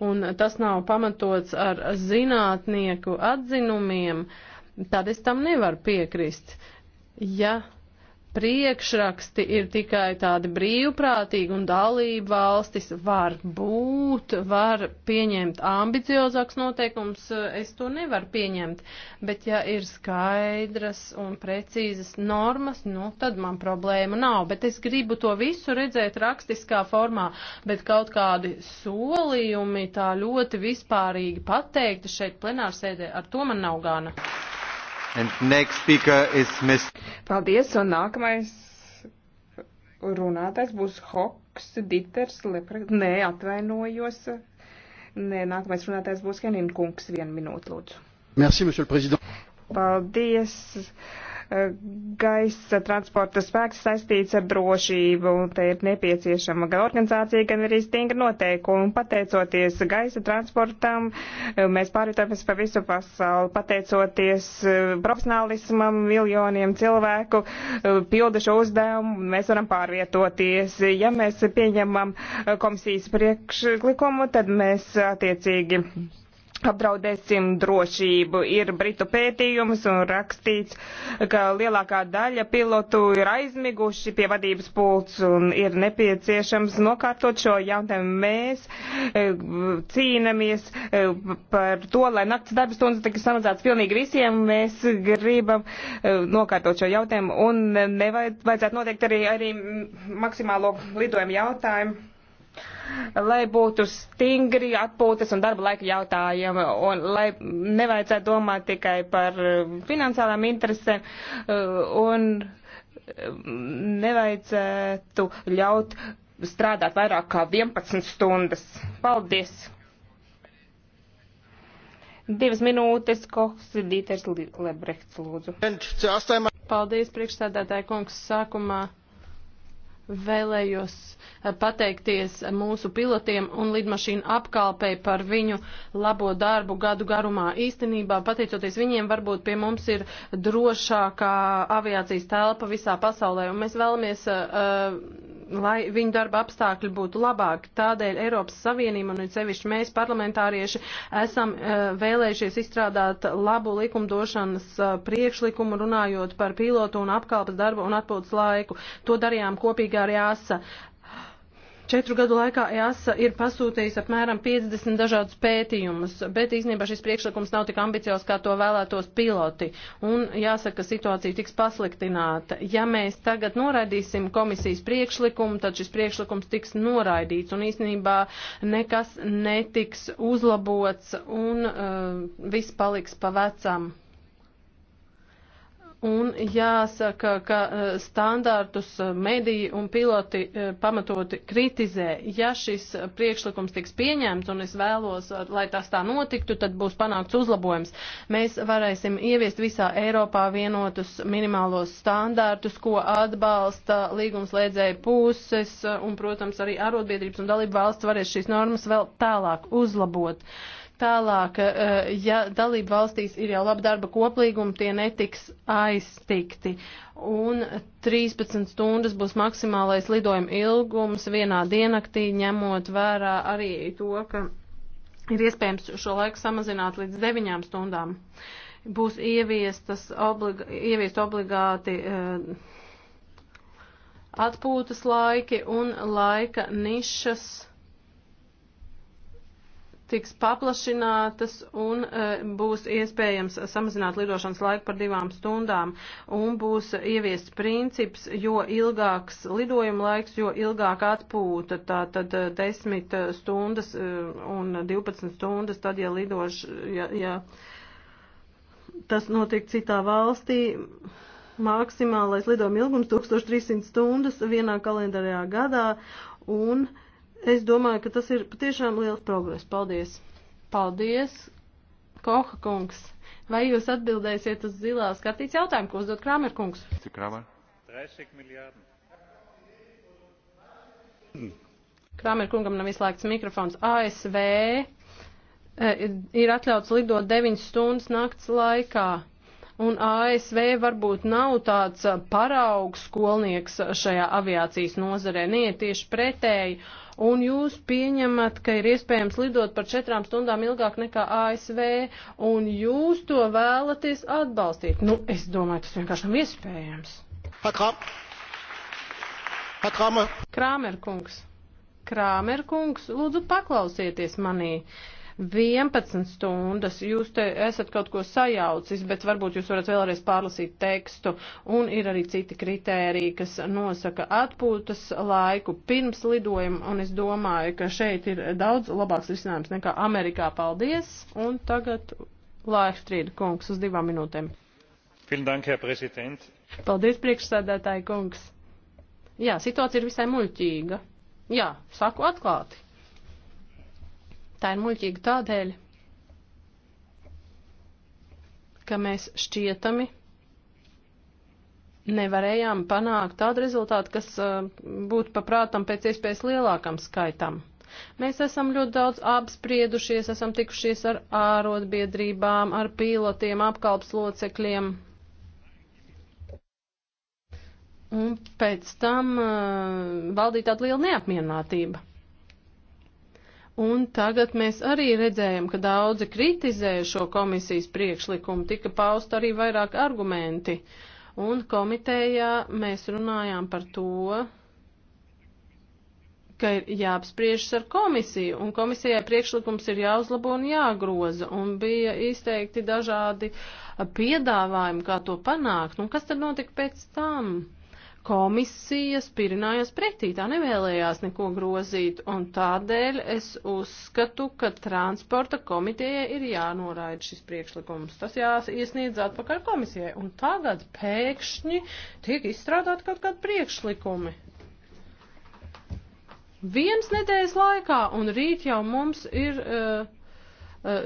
un tas nav pamatots ar zinātnieku atzinumiem, tad es tam nevaru piekrist. Ja priekšraksti ir tikai tādi brīvprātīgi un dalība valstis var būt, var pieņemt ambiciozāks noteikums, es to nevaru pieņemt, bet ja ir skaidras un precīzas normas, nu tad man problēma nav, bet es gribu to visu redzēt rakstiskā formā, bet kaut kādi solījumi tā ļoti vispārīgi pateikti šeit plenārsēdē, ar to man nav gana. Paldies, un nākamais runātais būs Hoks Diters Leprek. Nē, atvainojos. Nē, nākamais runātais būs Henin Kungs. Vienu minūtu, lūdzu. Merci, Paldies. Eh, gaisa transporta spēks saistīts ar drošību, un te ir nepieciešama gan organizācija, gan arī stingra noteikuma. Un pateicoties gaisa transportam, eh, mēs pārvietojamies pa visu pasauli. Pateicoties eh, profesionālismam, miljoniem cilvēku pilda šo uzdevumu, mēs varam pārvietoties. Ja mēs pieņemam komisijas priekšlikumu, tad mēs attiecīgi apdraudēsim drošību. Ir Britu pētījums un rakstīts, ka lielākā daļa pilotu ir aizmiguši pie vadības pults un ir nepieciešams nokārtot šo jautājumu. Mēs e, cīnamies e, par to, lai naktas darba stundas tiek samazināts pilnīgi visiem. Mēs gribam e, nokārtot šo jautājumu un nevajadzētu noteikt arī, arī maksimālo lidojumu jautājumu lai būtu stingri atpūtas un darba laika jautājumi, un lai nevajadzētu domāt tikai par uh, finansiālām interesēm, uh, un um, nevajadzētu ļaut strādāt vairāk kā 11 stundas. Paldies! Divas minūtes, koks Dīters Lebrechts, lūdzu. Paldies, priekšsēdētāji kungs, sākumā Vēlējos eh, pateikties mūsu pilotiem un lidmašīnu apkalpei par viņu labo darbu gadu garumā. Īstenībā, pateicoties viņiem, varbūt pie mums ir drošākā aviācijas telpa visā pasaulē, un mēs vēlamies uh, lai viņu darba apstākļi būtu labāki. Tādēļ Eiropas Savienība un sevišķi mēs parlamentārieši esam eh, vēlējušies izstrādāt labu likumdošanas eh, priekšlikumu runājot par pilotu un apkalpas darbu un atpūtas laiku. To darījām kopīgi ar jāsa. E Četru gadu laikā EASA ir pasūtījis apmēram 50 dažādus pētījumus, bet īstenībā šis priekšlikums nav tik ambiciozs, kā to vēlētos piloti. Un jāsaka, ka situācija tiks pasliktināta. Ja mēs tagad noraidīsim komisijas priekšlikumu, tad šis priekšlikums tiks noraidīts un īstenībā nekas netiks uzlabots un uh, viss paliks pa vecam. Un jāsaka, ka e, standārtus e, mediji un piloti e, pamatoti kritizē. Ja šis priekšlikums tiks pieņemts, un es vēlos, lai tas tā notiktu, tad būs panākts uzlabojums. Mēs varēsim ieviest visā Eiropā vienotus minimālos standārtus, ko atbalsta līgumslēdzēja puses, un, protams, arī arotbiedrības un dalību valsts varēs šīs normas vēl tālāk uzlabot. Uh, Tālāk, eh, ja dalība valstīs ir jau laba darba koplīguma, tie netiks aiztikti. Un 13 stundas būs maksimālais lidojuma ilgums vienā dienaktī, ņemot vērā arī to, ka ir iespējams šo laiku samazināt līdz 9 stundām. Būs ieviestas obliga, ieviest obligāti. Uh, atpūtas laiki un laika nišas tiks paplašinātas un e, būs iespējams samazināt lidošanas laiku par divām stundām un būs ieviests princips, jo ilgāks lidojuma laiks, jo ilgāk atpūta, tā tad 10 e, stundas e, un 12 stundas, tad, ja lidoš, ja, ja tas notiek citā valstī, maksimālais lidojuma ilgums 1300 stundas vienā kalendārajā gadā un uh, Es domāju, ka tas ir patiešām liels progress. Paldies! Paldies, Koha kungs! Vai jūs atbildēsiet uz zilā skatīts jautājumu, ko uzdod Kramer kungs? Cik Kramer? 30 miljārdu. Kramer kungam nav izslēgts mikrofons. ASV eh, ir atļauts lidot 9 stundas nakts laikā un ASV varbūt nav tāds uh, paraugs skolnieks uh, šajā aviācijas nozarē. Nē, tieši pretēji. Un jūs pieņemat, ka ir iespējams lidot par četrām stundām ilgāk nekā ASV, un jūs to vēlaties atbalstīt. Nu, es domāju, tas vienkārši nav iespējams. Krāmer kungs. Krāmer kungs, lūdzu paklausieties manī. Uh, 11 stundas. Jūs te esat kaut ko sajaucis, bet varbūt jūs varat vēlreiz pārlasīt tekstu. Un ir arī citi kritēriji, kas nosaka atpūtas laiku pirms lidojuma. Un es domāju, ka šeit ir daudz labāks risinājums nekā Amerikā. Paldies! Un tagad Lāhstrīda kungs uz divām minūtēm. Paldies, priekšsēdētāji kungs! Jā, situācija ir visai muļķīga. Jā, saku atklāti. Tā ir muļķīga tādēļ, ka mēs šķietami nevarējām panākt tādu rezultātu, kas uh, būtu paprātam pēc iespējas lielākam skaitam. Mēs esam ļoti daudz apspriedušies, esam tikušies ar ārotbiedrībām, ar pilotiem, apkalps locekļiem. Un pēc tam uh, valdīja tāda liela neapmierinātība. Un tagad mēs arī redzējam, ka daudzi kritizēja šo komisijas priekšlikumu, tika paust arī vairāk argumenti. Un komitējā mēs runājām par to, ka ir jāapspriežas ar komisiju, un komisijai priekšlikums ir jāuzlabo un jāgroza, un bija izteikti dažādi piedāvājumi, kā to panākt, un kas tad notika pēc tam? komisija spirinājās pretī, tā nevēlējās neko grozīt, un tādēļ es uzskatu, ka transporta komitejai ir jānoraida šis priekšlikums. Tas jāiesniedz atpakaļ komisijai, un tagad pēkšņi tiek izstrādāt kaut kādi priekšlikumi. Viens nedēļas laikā, un rīt jau mums ir. Uh,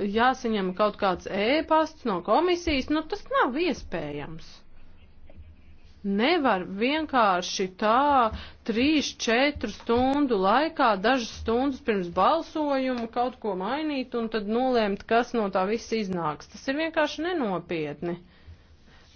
Jāsaņem kaut kāds ēpasts no komisijas, nu tas nav iespējams. Nevar vienkārši tā 3-4 stundu laikā, dažas stundas pirms balsojuma kaut ko mainīt un tad nolēmt, kas no tā viss iznāks. Tas ir vienkārši nenopietni.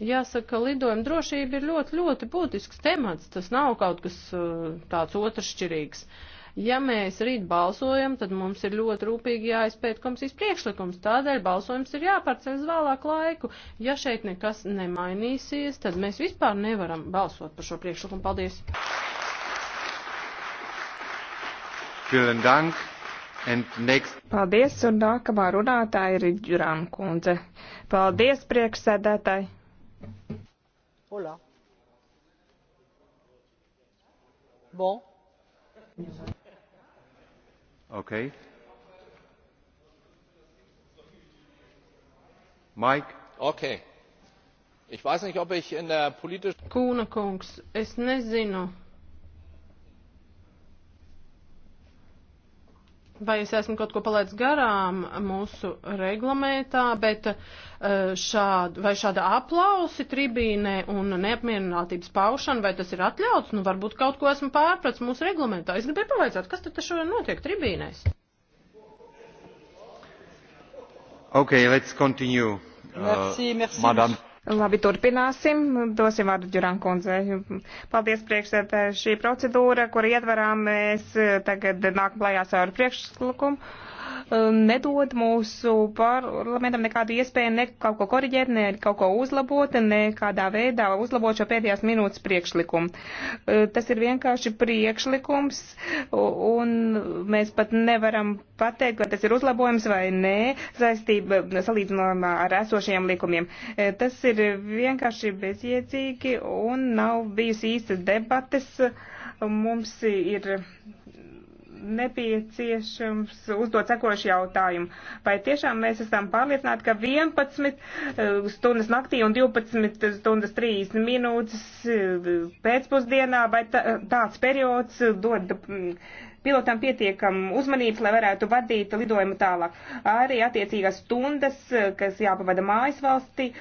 Jāsaka, lidojuma drošība ir ļoti, ļoti būtisks temats. Tas nav kaut kas uh, tāds otršķirīgs. Uh, Ja mēs rīt balsojam, tad mums ir ļoti rūpīgi jāizpēt komisijas priekšlikums. Tādēļ balsojums ir jāpārceļ uz vēlāku laiku. Ja šeit nekas nemainīsies, tad mēs vispār nevaram balsot par šo priekšlikumu. Paldies! Paldies, un nākamā runātāja ir Ģurāna kundze. Paldies, priekšsēdētāji! Hola. Bon. Okay. Mike. Okay. Ich weiß nicht, ob ich in der politischen. Kūna kungs, es nezinu, vai es esmu kaut ko palaidis garām mūsu reglamentā, bet eh, šād, vai šāda aplausi tribīnē un neapmierinātības paušana, vai tas ir atļauts, nu varbūt kaut ko esmu pārpratis mūsu reglamentā. Es gribēju pavaicāt, kas tad šodien notiek tribīnēs? Ok, let's continue. Uh, merci, merci. Madame. Labi, turpināsim. Dosim vārdu Ģuran kundzei. Paldies priekšsēdē. Šī procedūra, kur ietvarām mēs tagad nākam klajās ar priekšlikumu. Um, nedod mūsu parlamentam nekādu iespēju ne kaut ko koriģēt, ne kaut ko uzlabot, ne kādā veidā uzlabot šo pēdējās minūtes priekšlikumu. Uh, tas ir vienkārši priekšlikums, un mēs pat nevaram pateikt, vai tas ir uzlabojums vai nē, saistība salīdzinājumā ar esošajiem likumiem. Uh, tas ir vienkārši bezjēdzīgi un nav bijusi īstas debates. Mums ir nepieciešams uzdot sekošu jautājumu. Vai tiešām mēs esam pārliecināti, ka 11 eh, stundas naktī un 12 stundas 3 minūtes eh, pēcpusdienā vai tāds periods dod pilotam pietiekam uzmanības, lai varētu vadīt lidojumu tālāk. Arī attiecīgās stundas, eh, kas jāpavada mājas valstī,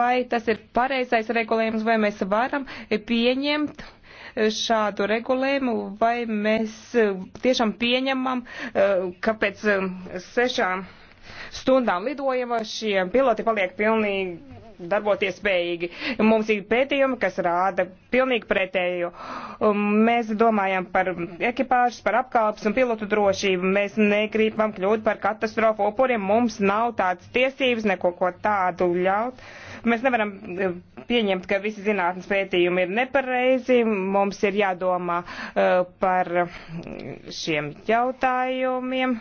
vai tas ir pareizais regulējums, vai mēs varam pieņemt šādu regulējumu, vai mēs eh, tiešām pieņemam, eh, ka pēc eh, sešām stundām lidojuma šie piloti paliek pilnīgi darboties spējīgi. Mums ir pētījumi, kas rāda pilnīgi pretēju. Um, mēs domājam par ekipāžas, par apkalpes un pilotu drošību. Mēs negribam kļūt par katastrofu upuriem. Mums nav tādas tiesības neko ko tādu ļaut. Uh, Mēs nevaram eh, pieņemt, ka visi zinātnes pētījumi ir nepareizi. Mums ir jādomā eh, par mm, šiem jautājumiem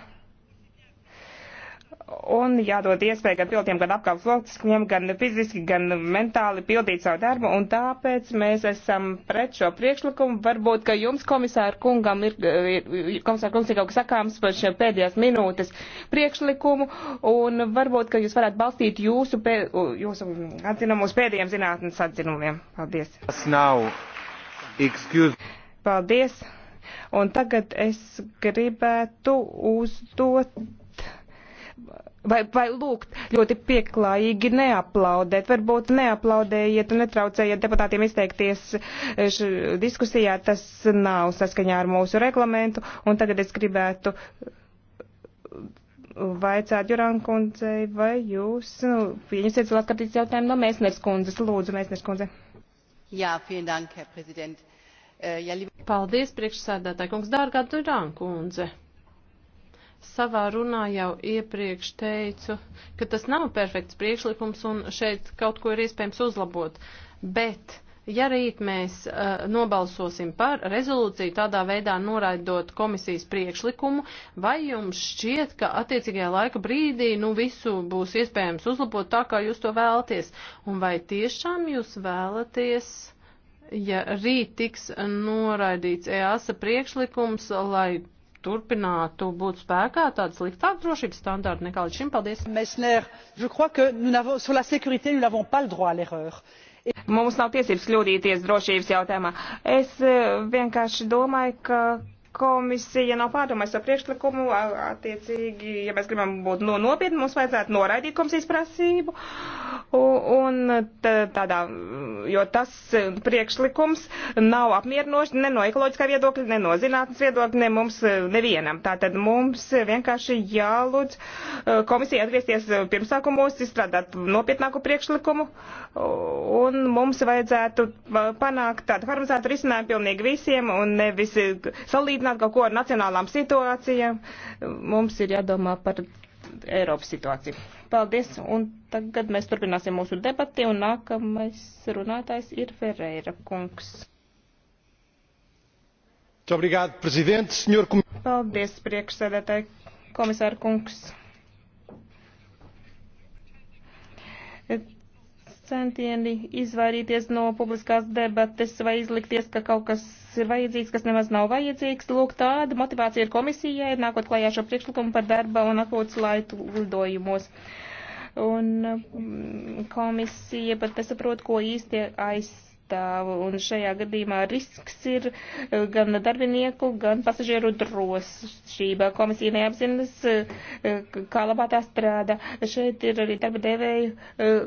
un jādod iespēja gan pilotiem, gan apkalpes lociskiem, gan fiziski, gan mentāli pildīt savu darbu, un tāpēc mēs esam pret šo priekšlikumu. Varbūt, ka jums, komisāra kungam, ir, ir komisāra kungs ir kaut kas sakāms par šiem pēdējās minūtes priekšlikumu, un varbūt, ka jūs varētu balstīt jūsu, pē, jūsu atzinumu uz pēdējiem zinātnes atzinumiem. Paldies. Paldies. Un tagad es gribētu uzdot vai, vai lūgt ļoti pieklājīgi neaplaudēt. Varbūt neaplaudējiet un netraucējiet deputātiem izteikties eh, š, diskusijā. Tas nav saskaņā ar mūsu reglamentu. Un tagad es gribētu vaicāt Jurankundzei, vai jūs nu, pieņemsiet zilātkartīts jautājumu no Mēsners kundzes. Lūdzu, Mēsners kundze. Jā, vielen dank, Herr Prezident. Uh, äh, ja li... Paldies, priekšsēdētāji kungs, dārgā Durankundze. kundze savā runā jau iepriekš teicu, ka tas nav perfekts priekšlikums un šeit kaut ko ir iespējams uzlabot. Bet, ja rīt mēs uh, nobalsosim par rezolūciju tādā veidā noraidot komisijas priekšlikumu, vai jums šķiet, ka attiecīgajā laika brīdī nu visu būs iespējams uzlabot tā, kā jūs to vēlaties? Un vai tiešām jūs vēlaties? ja rīt tiks noraidīts EASA priekšlikums, lai turpinātu būt spēkā tādas sliktākas drošības standarti nekā līdz šim. Paldies! Mesner, je crois que nous n'avons, sur la sécurité, nous n'avons pas le droit à l'erreur. Mums nav tiesības kļūdīties drošības jautājumā. Es eh, vienkārši domāju, ka komisija nav pārdomājusi par priekšlikumu, attiecīgi, ja mēs gribam būt no, nopietni, mums vajadzētu noraidīt komisijas prasību, un, un tādā, jo tas priekšlikums nav apmierinošs ne no ekoloģiskā viedokļa, ne no zinātnes viedokļa, ne mums e, nevienam. Tātad mums vienkārši jālūdz e, komisija atgriezties e, pirmsākumos, izstrādāt nopietnāku priekšlikumu, un mums vajadzētu panākt tādu harmonizētu risinājumu pilnīgi visiem, un nevis salīdzināt salīdzināt kaut ko ar nacionālām situācijām. Mums ir jādomā par Eiropas situāciju. Paldies, un tagad mēs turpināsim mūsu debati, un nākamais runātājs ir Ferreira kungs. Obrigado, presidente, senhor... Paldies, priekšsēdētāji, komisāra kungs centieni izvairīties no publiskās debates vai izlikties, ka kaut kas ir vajadzīgs, kas nemaz nav vajadzīgs. Lūk, tāda motivācija ir komisijai nākot klajā šo priekšlikumu par darba un atpūtas laitu lidojumos. Un mm, komisija pat nesaprot, ko īsti aiz pastāv, un šajā gadījumā risks ir eh, gan darbinieku, gan pasažieru drošība. Komisija neapzinas, eh, kā labā tā strādā. Šeit ir arī darba devēju eh,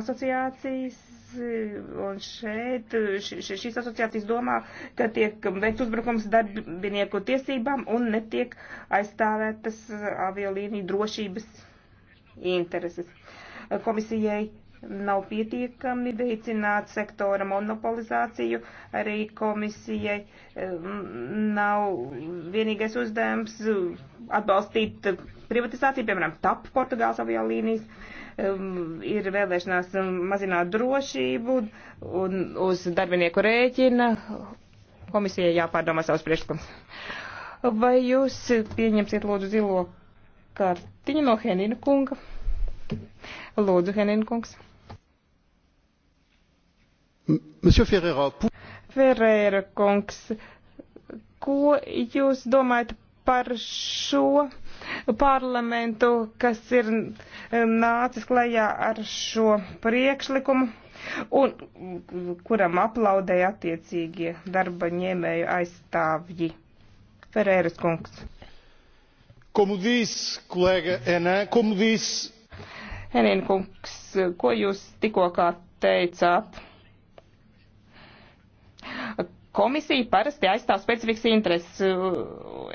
asociācijas un šeit šīs asociācijas domā, ka tiek veikts uzbrukums darbinieku tiesībām un netiek aizstāvētas aviolīniju drošības intereses. Komisijai nav pietiekami veicināt sektora monopolizāciju, arī komisijai eh, nav vienīgais uzdevums eh, atbalstīt privatizāciju, piemēram, TAP Portugāles aviolīnijas, ir vēlēšanās mazināt drošību un uz darbinieku rēķina komisijai jāpārdomā savus priekšlikumus. Vai jūs pieņemsiet lūdzu zilo kartiņu no Henina kunga? Lūdzu, Henina kungs. Ferreira, pu... Ferreira kungs, ko jūs domājat par šo parlamentu, kas ir eh, nācis klajā ar šo priekšlikumu un kuram aplaudēja attiecīgie darba ņēmēju aizstāvji? Ferreiras kungs. Como disse, kolega Enan, como disse. Enan kungs, ko jūs tikko kā teicāt? Komisija parasti aizstāv specifikas intereses.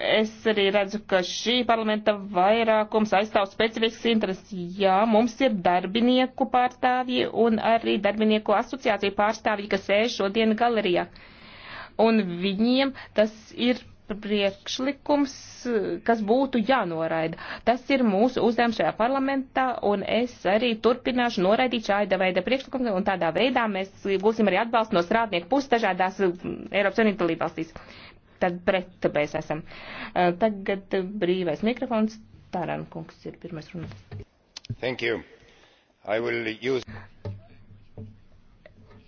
Es arī redzu, ka šī parlamenta vairākums aizstāv specifikas intereses. Jā, mums ir darbinieku pārstāvji un arī darbinieku asociāciju pārstāvji, kas sēž šodien galerijā. Un viņiem tas ir priekšlikums, kas būtu jānoraida. Tas ir mūsu uzdevums šajā parlamentā, un es arī turpināšu noraidīt šāda veida priekšlikumu, un tādā veidā mēs gūsim arī atbalstu no strādnieku puses dažādās mm, Eiropas Unības dalībvalstīs. Tad pret mēs esam. Tagad brīvais mikrofons. Tāran kungs ir pirmais runātājs. Thank you. I will use.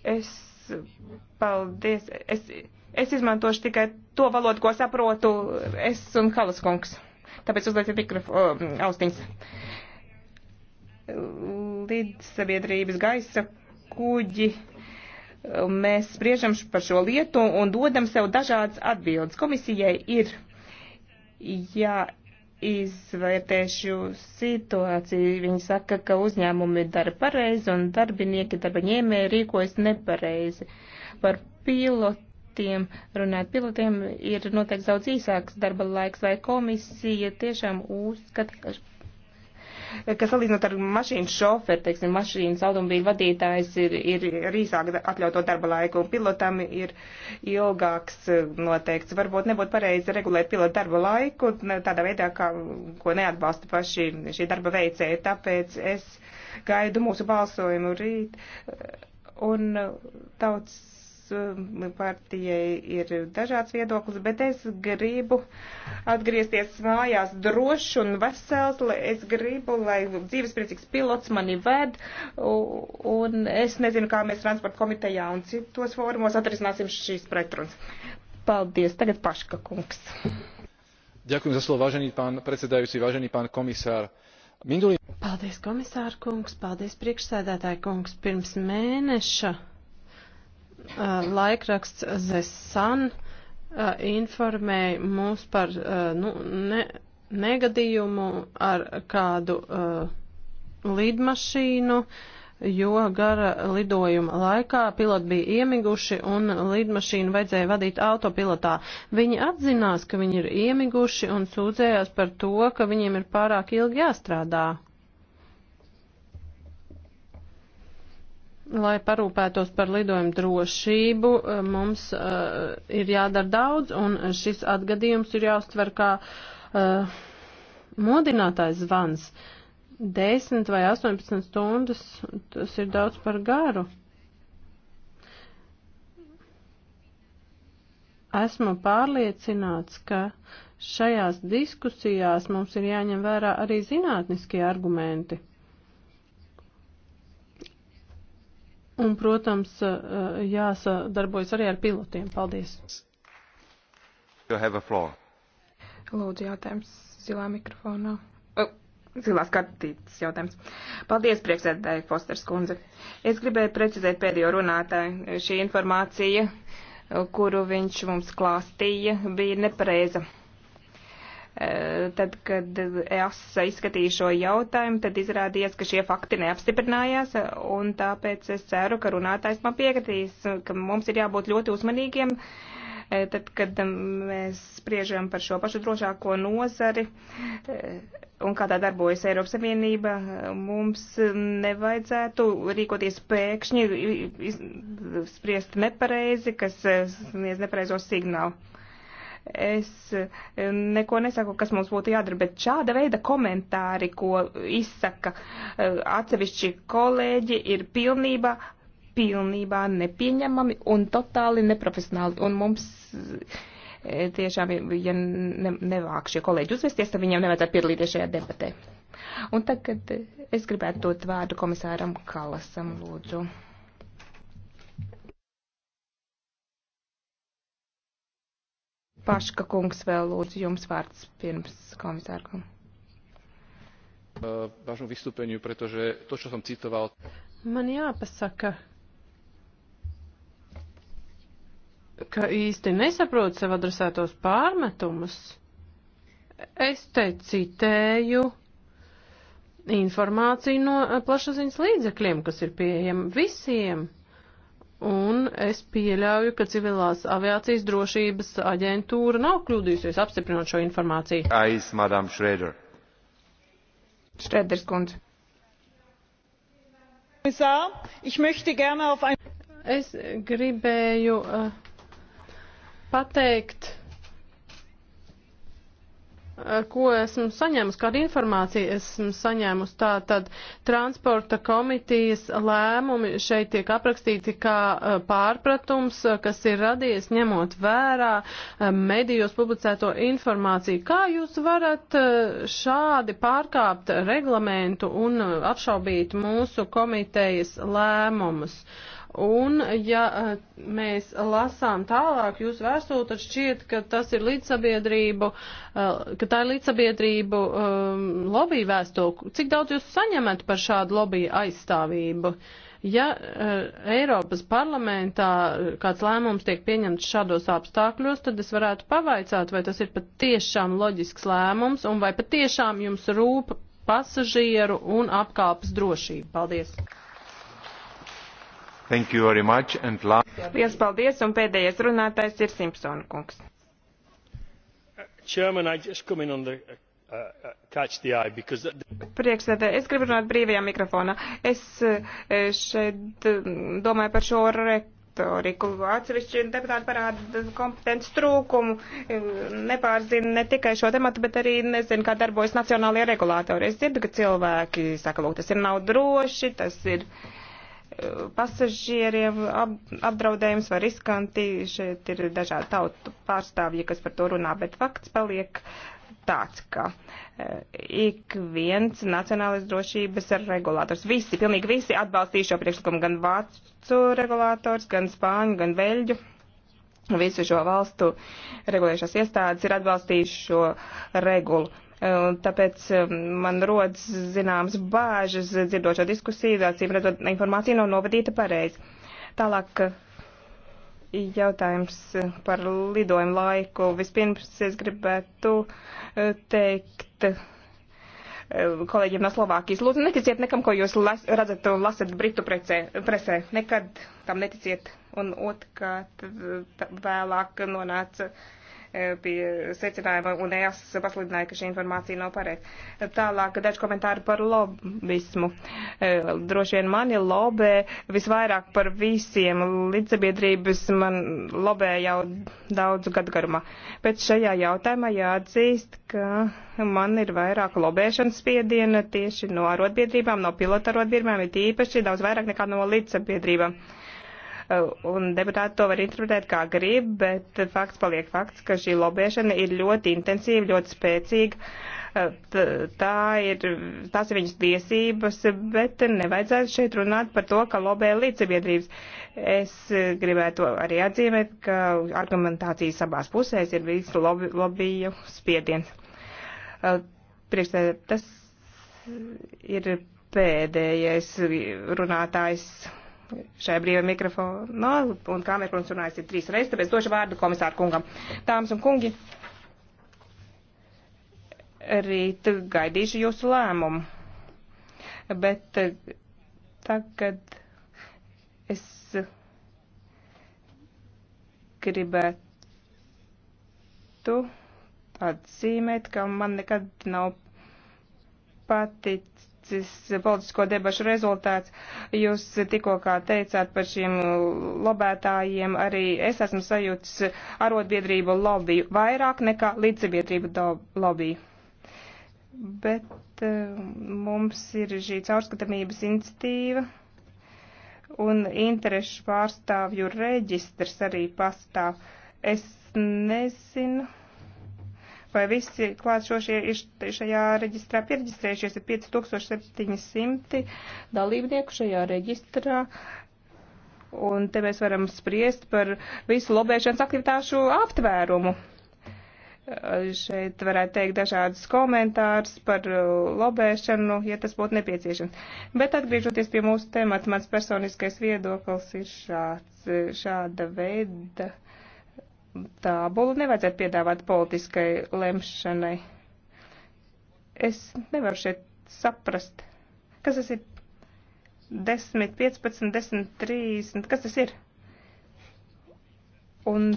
Es paldies. Es Es izmantošu tikai to valodu, ko saprotu es un Halas kungs. Tāpēc uzlieciet mikrofonu um, austiņas. Līdz sabiedrības gaisa kuģi mēs spriežam par šo lietu un dodam sev dažādas atbildes. Komisijai ir jāizvērtēšu situāciju. Viņi saka, ka uzņēmumi dara pareizi un darbinieki, darba ņēmēji rīkojas nepareizi. Par pilotu pilotiem, runājot pilotiem, ir noteikti daudz īsāks darba laiks, vai komisija tiešām uzskata, ka salīdzinot ar mašīnu šoferu, teiksim, mašīnas automobīļu vadītājs ir, ir, ir īsāk atļauto darba laiku, un pilotam ir ilgāks eh, noteikts. Varbūt nebūtu pareizi regulēt pilotu darba laiku tādā veidā, kā, ko neatbalsta paši šī darba veicēja, tāpēc es gaidu mūsu balsojumu rīt, eh, un eh, tauts Um, partijai ir dažāds viedoklis, bet es gribu atgriezties mājās drošs un vesels. Es gribu, lai dzīvespriecīgs pilots mani ved, un es nezinu, kā mēs transporta komitejā un citos fórumos atrisināsim šīs pretrunas. Paldies. Tagad Paška kungs. Ďakujem za slovo, vážený pán predsedajúci, vážený pán komisár. Mindulī... Paldies, komisāra kungs, paldies, priekšsēdētāja kungs. Pirms mēneša Uh, laikraksts The Sun uh, informēja mūs par uh, nu, ne, negadījumu ar kādu lidmašīnu, jo gara lidojuma laikā piloti bija iemiguši un lidmašīnu vajadzēja vadīt autopilotā. Viņi atzinās, ka viņi ir iemiguši un sūdzējās par to, ka viņiem ir pārāk ilgi jāstrādā. lai parūpētos par lidojumu drošību, eh, mums uh, ir jādara daudz, un šis atgadījums ir jāuztver kā uh, modinātājs zvans. 10 vai 18 stundas tas ir daudz par garu. Esmu pārliecināts, ka šajās diskusijās mums ir jāņem vērā arī zinātniskie argumenti. Un, protams, eh, jāsadarbojas arī ar pilotiem. Paldies. Lūdzu, jautājums zilā mikrofonā. Oh, zilās kartītes jautājums. Paldies, priekšsēdētāji Fosters kundze. Es gribēju precizēt pēdējo runātāju. Šī informācija, kuru viņš mums klāstīja, bija nepareiza Eh, tad, kad EASA izskatīja šo jautājumu, tad izrādījās, ka šie fakti neapstiprinājās, un tāpēc es ceru, ka runātājs man piekritīs, ka mums ir jābūt ļoti uzmanīgiem, eh, tad, kad mm, mēs spriežam par šo pašu drošāko nozari eh, un kā tā darbojas Eiropas Savienība, mums mm, nevajadzētu rīkoties pēkšņi, spriest nepareizi, kas sniedz nepareizos signālu. Es eh, neko nesaku, kas mums būtu jādara, bet šāda veida komentāri, ko izsaka eh, atsevišķi kolēģi, ir pilnībā, pilnībā nepieņemami un totāli neprofesionāli. Un mums eh, tiešām, ja ne, nevāk šie kolēģi uzvesties, tad viņiem nevajadzētu piedalīties šajā debatē. Un tagad es gribētu dot vārdu komisāram Kalasam, lūdzu. Paška kungs vēl lūdzu jums vārds pirms komisārkam. Vašom vystúpeniu, pretože to, čo som citoval... Man jāpasaka, ka īsti nesaprotu sev adresētos pārmetumus. Es te citēju informāciju no plašsaziņas līdzekļiem, kas ir pieejama visiem. Un es pieļauju, ka civilās aviācijas drošības aģentūra nav kļūdījusies apstiprinot šo informāciju. Aiz, madam Šrēder. Šrēders kundze. Es gribēju uh, pateikt ko esmu saņēmusi, kādu informāciju esmu saņēmusi. Tā tad transporta komitejas lēmumi šeit tiek aprakstīti kā eh, pārpratums, eh, kas ir radies ņemot vērā eh, medijos publicēto informāciju. Kā jūs varat šādi pārkāpt reglamentu un apšaubīt mūsu komitejas lēmumus? Uh, Un, ja eh, mēs lasām tālāk jūs vēstuli, tad šķiet, ka tas ir līdzsabiedrību, eh, ka tā ir līdzsabiedrību um, lobby vēstuli. Cik daudz jūs saņemat par šādu lobby aizstāvību? Ja uh, Eiropas parlamentā kāds lēmums tiek pieņemts šādos apstākļos, tad es varētu pavaicāt, vai tas ir patiešām loģisks lēmums un vai patiešām jums rūp pasažieru un apkalpas drošība. Paldies! Thank you very much. And last... Liels paldies, un pēdējais runātājs ir Simpsona kungs. Uh, Chairman, I just come in on the uh, uh, Priekšsēdē, es gribu runāt brīvajā mikrofonā. Es šeit um, domāju par šo retoriku. Atsevišķi deputāti parāda kompetenci trūkumu, um, nepārzina ne tikai šo tematu, bet arī nezina, kā darbojas nacionālajie regulātori. Es dzirdu, ka cilvēki saka, lūk, tas ir nav droši, tas ir. Uh, pasažieriem apdraudējums vai riskanti. Šeit ir dažādi tautu pārstāvji, kas par to runā, bet fakts paliek tāds, ka e, ik viens nacionālais drošības regulators, visi, pilnīgi visi atbalstīja šo priekšlikumu, gan vācu regulators, gan spāņu, gan veļģu. Visu šo valstu regulējušās iestādes ir atbalstījuši šo regulu Eh, tāpēc eh, man rodas zināmas bāžas dzirdot šo diskusiju, acīm redzot, informācija nav novadīta pareizi. Tālāk eh, jautājums par lidojumu laiku. Vispirms es gribētu teikt kolēģiem no Slovākijas, lūdzu, neticiet nekam, ko jūs las, redzat un lasat Britu precē, presē. Nekad tam neticiet. Un otrkārt vēlāk nonāca pie secinājuma, un es pasludināju, ka šī informācija nav pareiza. Tālāk daži komentāri par lobismu. E, droši vien mani lobē visvairāk par visiem līdzsabiedrības man lobē jau daudzu gadu garumā. Pēc šajā jautājumā jāatzīst, ka man ir vairāk lobēšanas spiediena tieši no arotbiedrībām, no pilotarotbiedrībām, ir tīpaši daudz vairāk nekā no līdzsabiedrībām. Eh, un deputāti to var interpretēt kā grib, bet fakts paliek fakts, ka šī lobēšana ir ļoti intensīva, ļoti spēcīga. Eh, tā ir, tās ir viņas tiesības, bet nevajadzētu šeit runāt par to, ka lobē līdzsabiedrības. Es gribētu arī atzīmēt, ka argumentācijas abās pusēs ir visu lobby, lobbyju spiediens. Eh, Priekšstādā tas ir pēdējais runātājs šajā brīvā mikrofonā, un kamēr, protams, runājat trīs reizes, tāpēc došu vārdu komisāru kungam. Tāms un kungi, rīt gaidīšu jūsu lēmumu, bet eh, tagad es gribētu atzīmēt, ka man nekad nav paticis palicis politisko debašu rezultāts. Jūs tikko kā teicāt par šiem lobētājiem, arī es esmu sajūts arotbiedrību lobby vairāk nekā līdzsabiedrību lobby. Bet eh, mums ir šī caurskatāmības institīva un interešu pārstāvju reģistrs arī pastāv. Es nezinu vai visi klātsošie ir šajā reģistrā pieregistrējušies, ir 5700 dalībnieku šajā reģistrā. Un te mēs varam spriest par visu lobēšanas aktivitāšu aptvērumu. Šeit varētu teikt dažādas komentārs par lobēšanu, ja tas būtu nepieciešams. Bet atgriežoties pie mūsu temata, mans personiskais viedoklis ir šāds, šāda veida. Uh, tābulu nevajadzētu piedāvāt politiskai lemšanai. Es nevaru šeit saprast, kas tas ir 10, 15, 10, 30, kas tas ir? Un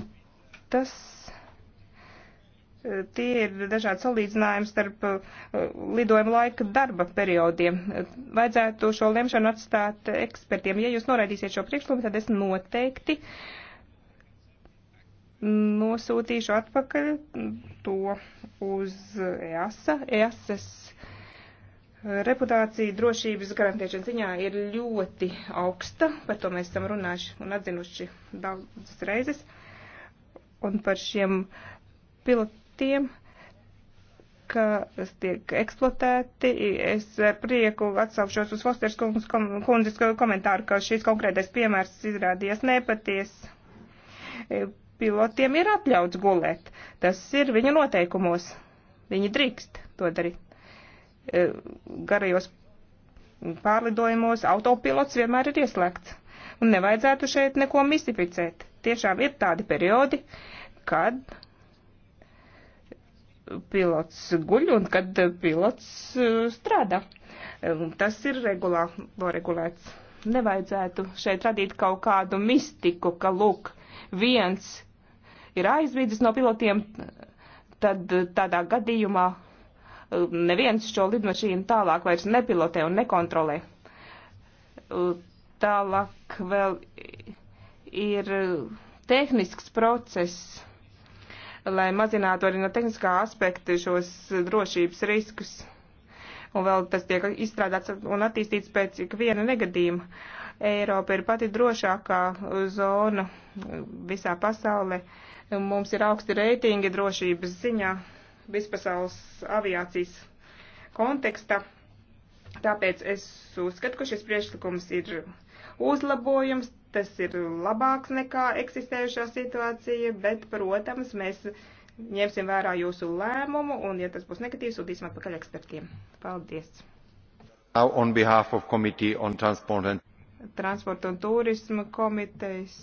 tas eh, tie ir dažādi salīdzinājumi starp eh, lidojuma laika darba periodiem. Vajadzētu šo lemšanu atstāt ekspertiem. Ja jūs noraidīsiet šo priekšlikumu, tad es noteikti uh, nosūtīšu atpakaļ to uz EASA. EASAS reputācija drošības garantēšanas ziņā ir ļoti augsta, par to mēs esam runājuši un atzinuši daudzas reizes. Un par šiem pilotiem, kas tiek eksploatēti, es ar prieku atsaukšos uz Fosters kundzes komentāru, ka šis konkrētais piemērs izrādījies nepaties pilotiem ir atļauts gulēt. Tas ir viņa noteikumos. Viņi drīkst to darīt. E, garajos pārlidojumos autopilots vienmēr ir ieslēgts. Un nevajadzētu šeit neko mistificēt. Tiešām ir tādi periodi, kad pilots guļ un kad pilots e, strādā. E, tas ir regulā, regulēts. Nevajadzētu šeit radīt kaut kādu mistiku, ka lūk, viens ir aizvidzis no pilotiem, tad tādā gadījumā um, neviens šo lidmašīnu tālāk vairs nepilotē un nekontrolē. Uh, tālāk vēl ir tehnisks process, lai mazinātu arī no tehniskā aspekta šos drošības riskus. Un vēl tas tiek izstrādāts un attīstīts pēc ikviena negadījuma. Eiropa ir pati drošākā zona visā pasaulē. Uh, Mums ir augsti reitingi drošības ziņā vispasaules aviācijas konteksta. Tāpēc es uzskatu, ka šis priekšlikums ir uzlabojums, tas ir labāks nekā eksistējušā situācija, bet, protams, mēs ņemsim vērā jūsu lēmumu, un, ja tas būs negatīvs, sūtīsim atpakaļ ekspertiem. Paldies! Transporta un turisma komitejas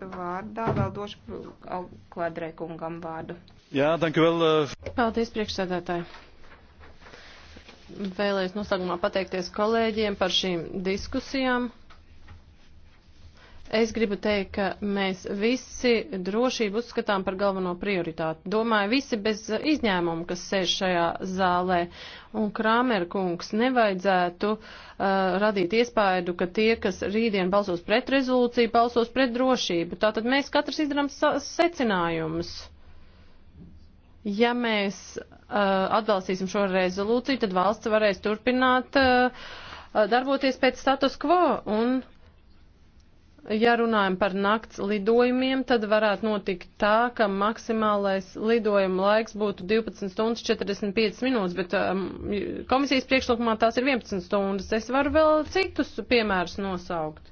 vārdā vēl došu Alkladrē kungam vārdu. Jā, danku vēl. Uh... Eh. Paldies, priekšsēdētāji. Vēlējos noslēgumā pateikties kolēģiem par šīm diskusijām. Es gribu teikt, ka mēs visi drošību uzskatām par galveno prioritāti. Domāju, visi bez izņēmuma, kas sēž šajā zālē. Un Krāmerkungs nevajadzētu uh, radīt iespēju, ka tie, kas rītdien balsos pret rezolūciju, balsos pret drošību. Tātad mēs katrs izdarām secinājumus. Ja mēs uh, atbalstīsim šo rezolūciju, tad valsts varēs turpināt uh, uh darboties pēc status quo. Un Ja runājam par nakts lidojumiem, tad varētu notikt tā, ka maksimālais lidojuma laiks būtu 12 stundas 45 minūtes, bet um, komisijas priekšlikumā tās ir 11 stundas. Es varu vēl citus piemērus nosaukt.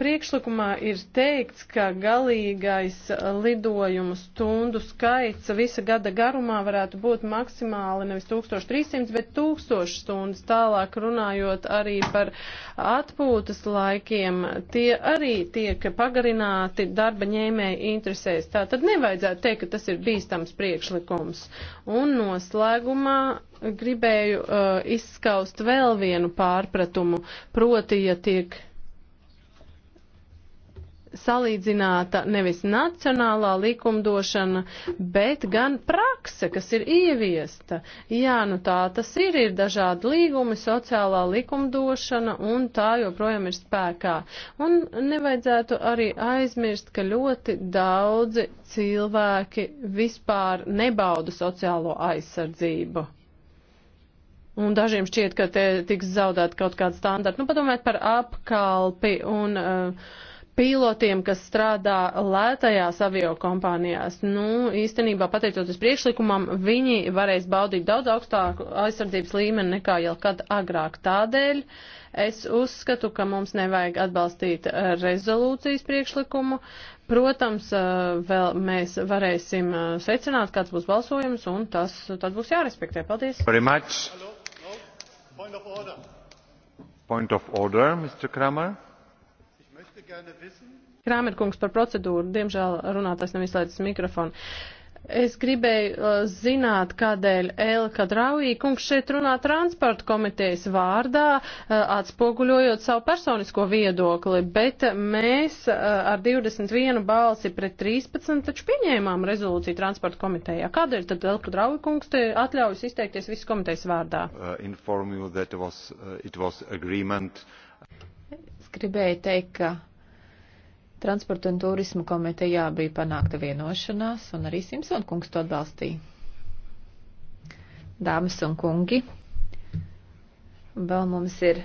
Priekšlikumā ir teikts, ka galīgais lidojumu stundu skaits visa gada garumā varētu būt maksimāli nevis 1300, bet 1000 stundas. Tālāk runājot arī par atpūtas laikiem, tie arī tiek pagarināti darba ņēmēji interesēs. Tā tad nevajadzētu teikt, ka tas ir bīstams priekšlikums. Un noslēgumā gribēju uh, izskaust vēl vienu pārpratumu, proti, ja tiek salīdzināta nevis nacionālā likumdošana, bet gan prakse, kas ir ieviesta. Jā, nu tā tas ir, ir dažādi līgumi, sociālā likumdošana, un tā joprojām ir spēkā. Un nevajadzētu arī aizmirst, ka ļoti daudzi cilvēki vispār nebauda sociālo aizsardzību. Un dažiem šķiet, ka te tiks zaudēt kaut kāda standarta. Nu, padomājiet par apkalpi un uh, pilotiem, kas strādā lētajās aviokompānijās. Nu, īstenībā, pateicoties priekšlikumam, viņi varēs baudīt daudz augstāku aizsardzības līmeni nekā jau kad agrāk. Tādēļ es uzskatu, ka mums nevajag atbalstīt rezolūcijas priekšlikumu. Protams, eh, vēl mēs varēsim eh, secināt, kāds būs balsojums, un tas tad būs jārespektē. Paldies! Very much. Point of order, Mr. Kramer. Krāmerkungs par procedūru, diemžēl runātājs nav izslēdzis mikrofonu. Es gribēju uh, zināt, kādēļ Elka Draujī kungs šeit runā transporta komitejas vārdā, uh, atspoguļojot savu personisko viedokli, bet mēs uh, ar 21 balsi pret 13 taču pieņēmām rezolūciju transporta komitejā. Kādēļ tad Elka Draujī kungs te atļaujas izteikties visu komitejas vārdā? Uh, was, uh, was agreement. es gribēju teikt, ka Transporta un turisma komitejā bija panākta vienošanās, un arī Simpson kungs to atbalstīja. Dāmas un kungi, vēl mums ir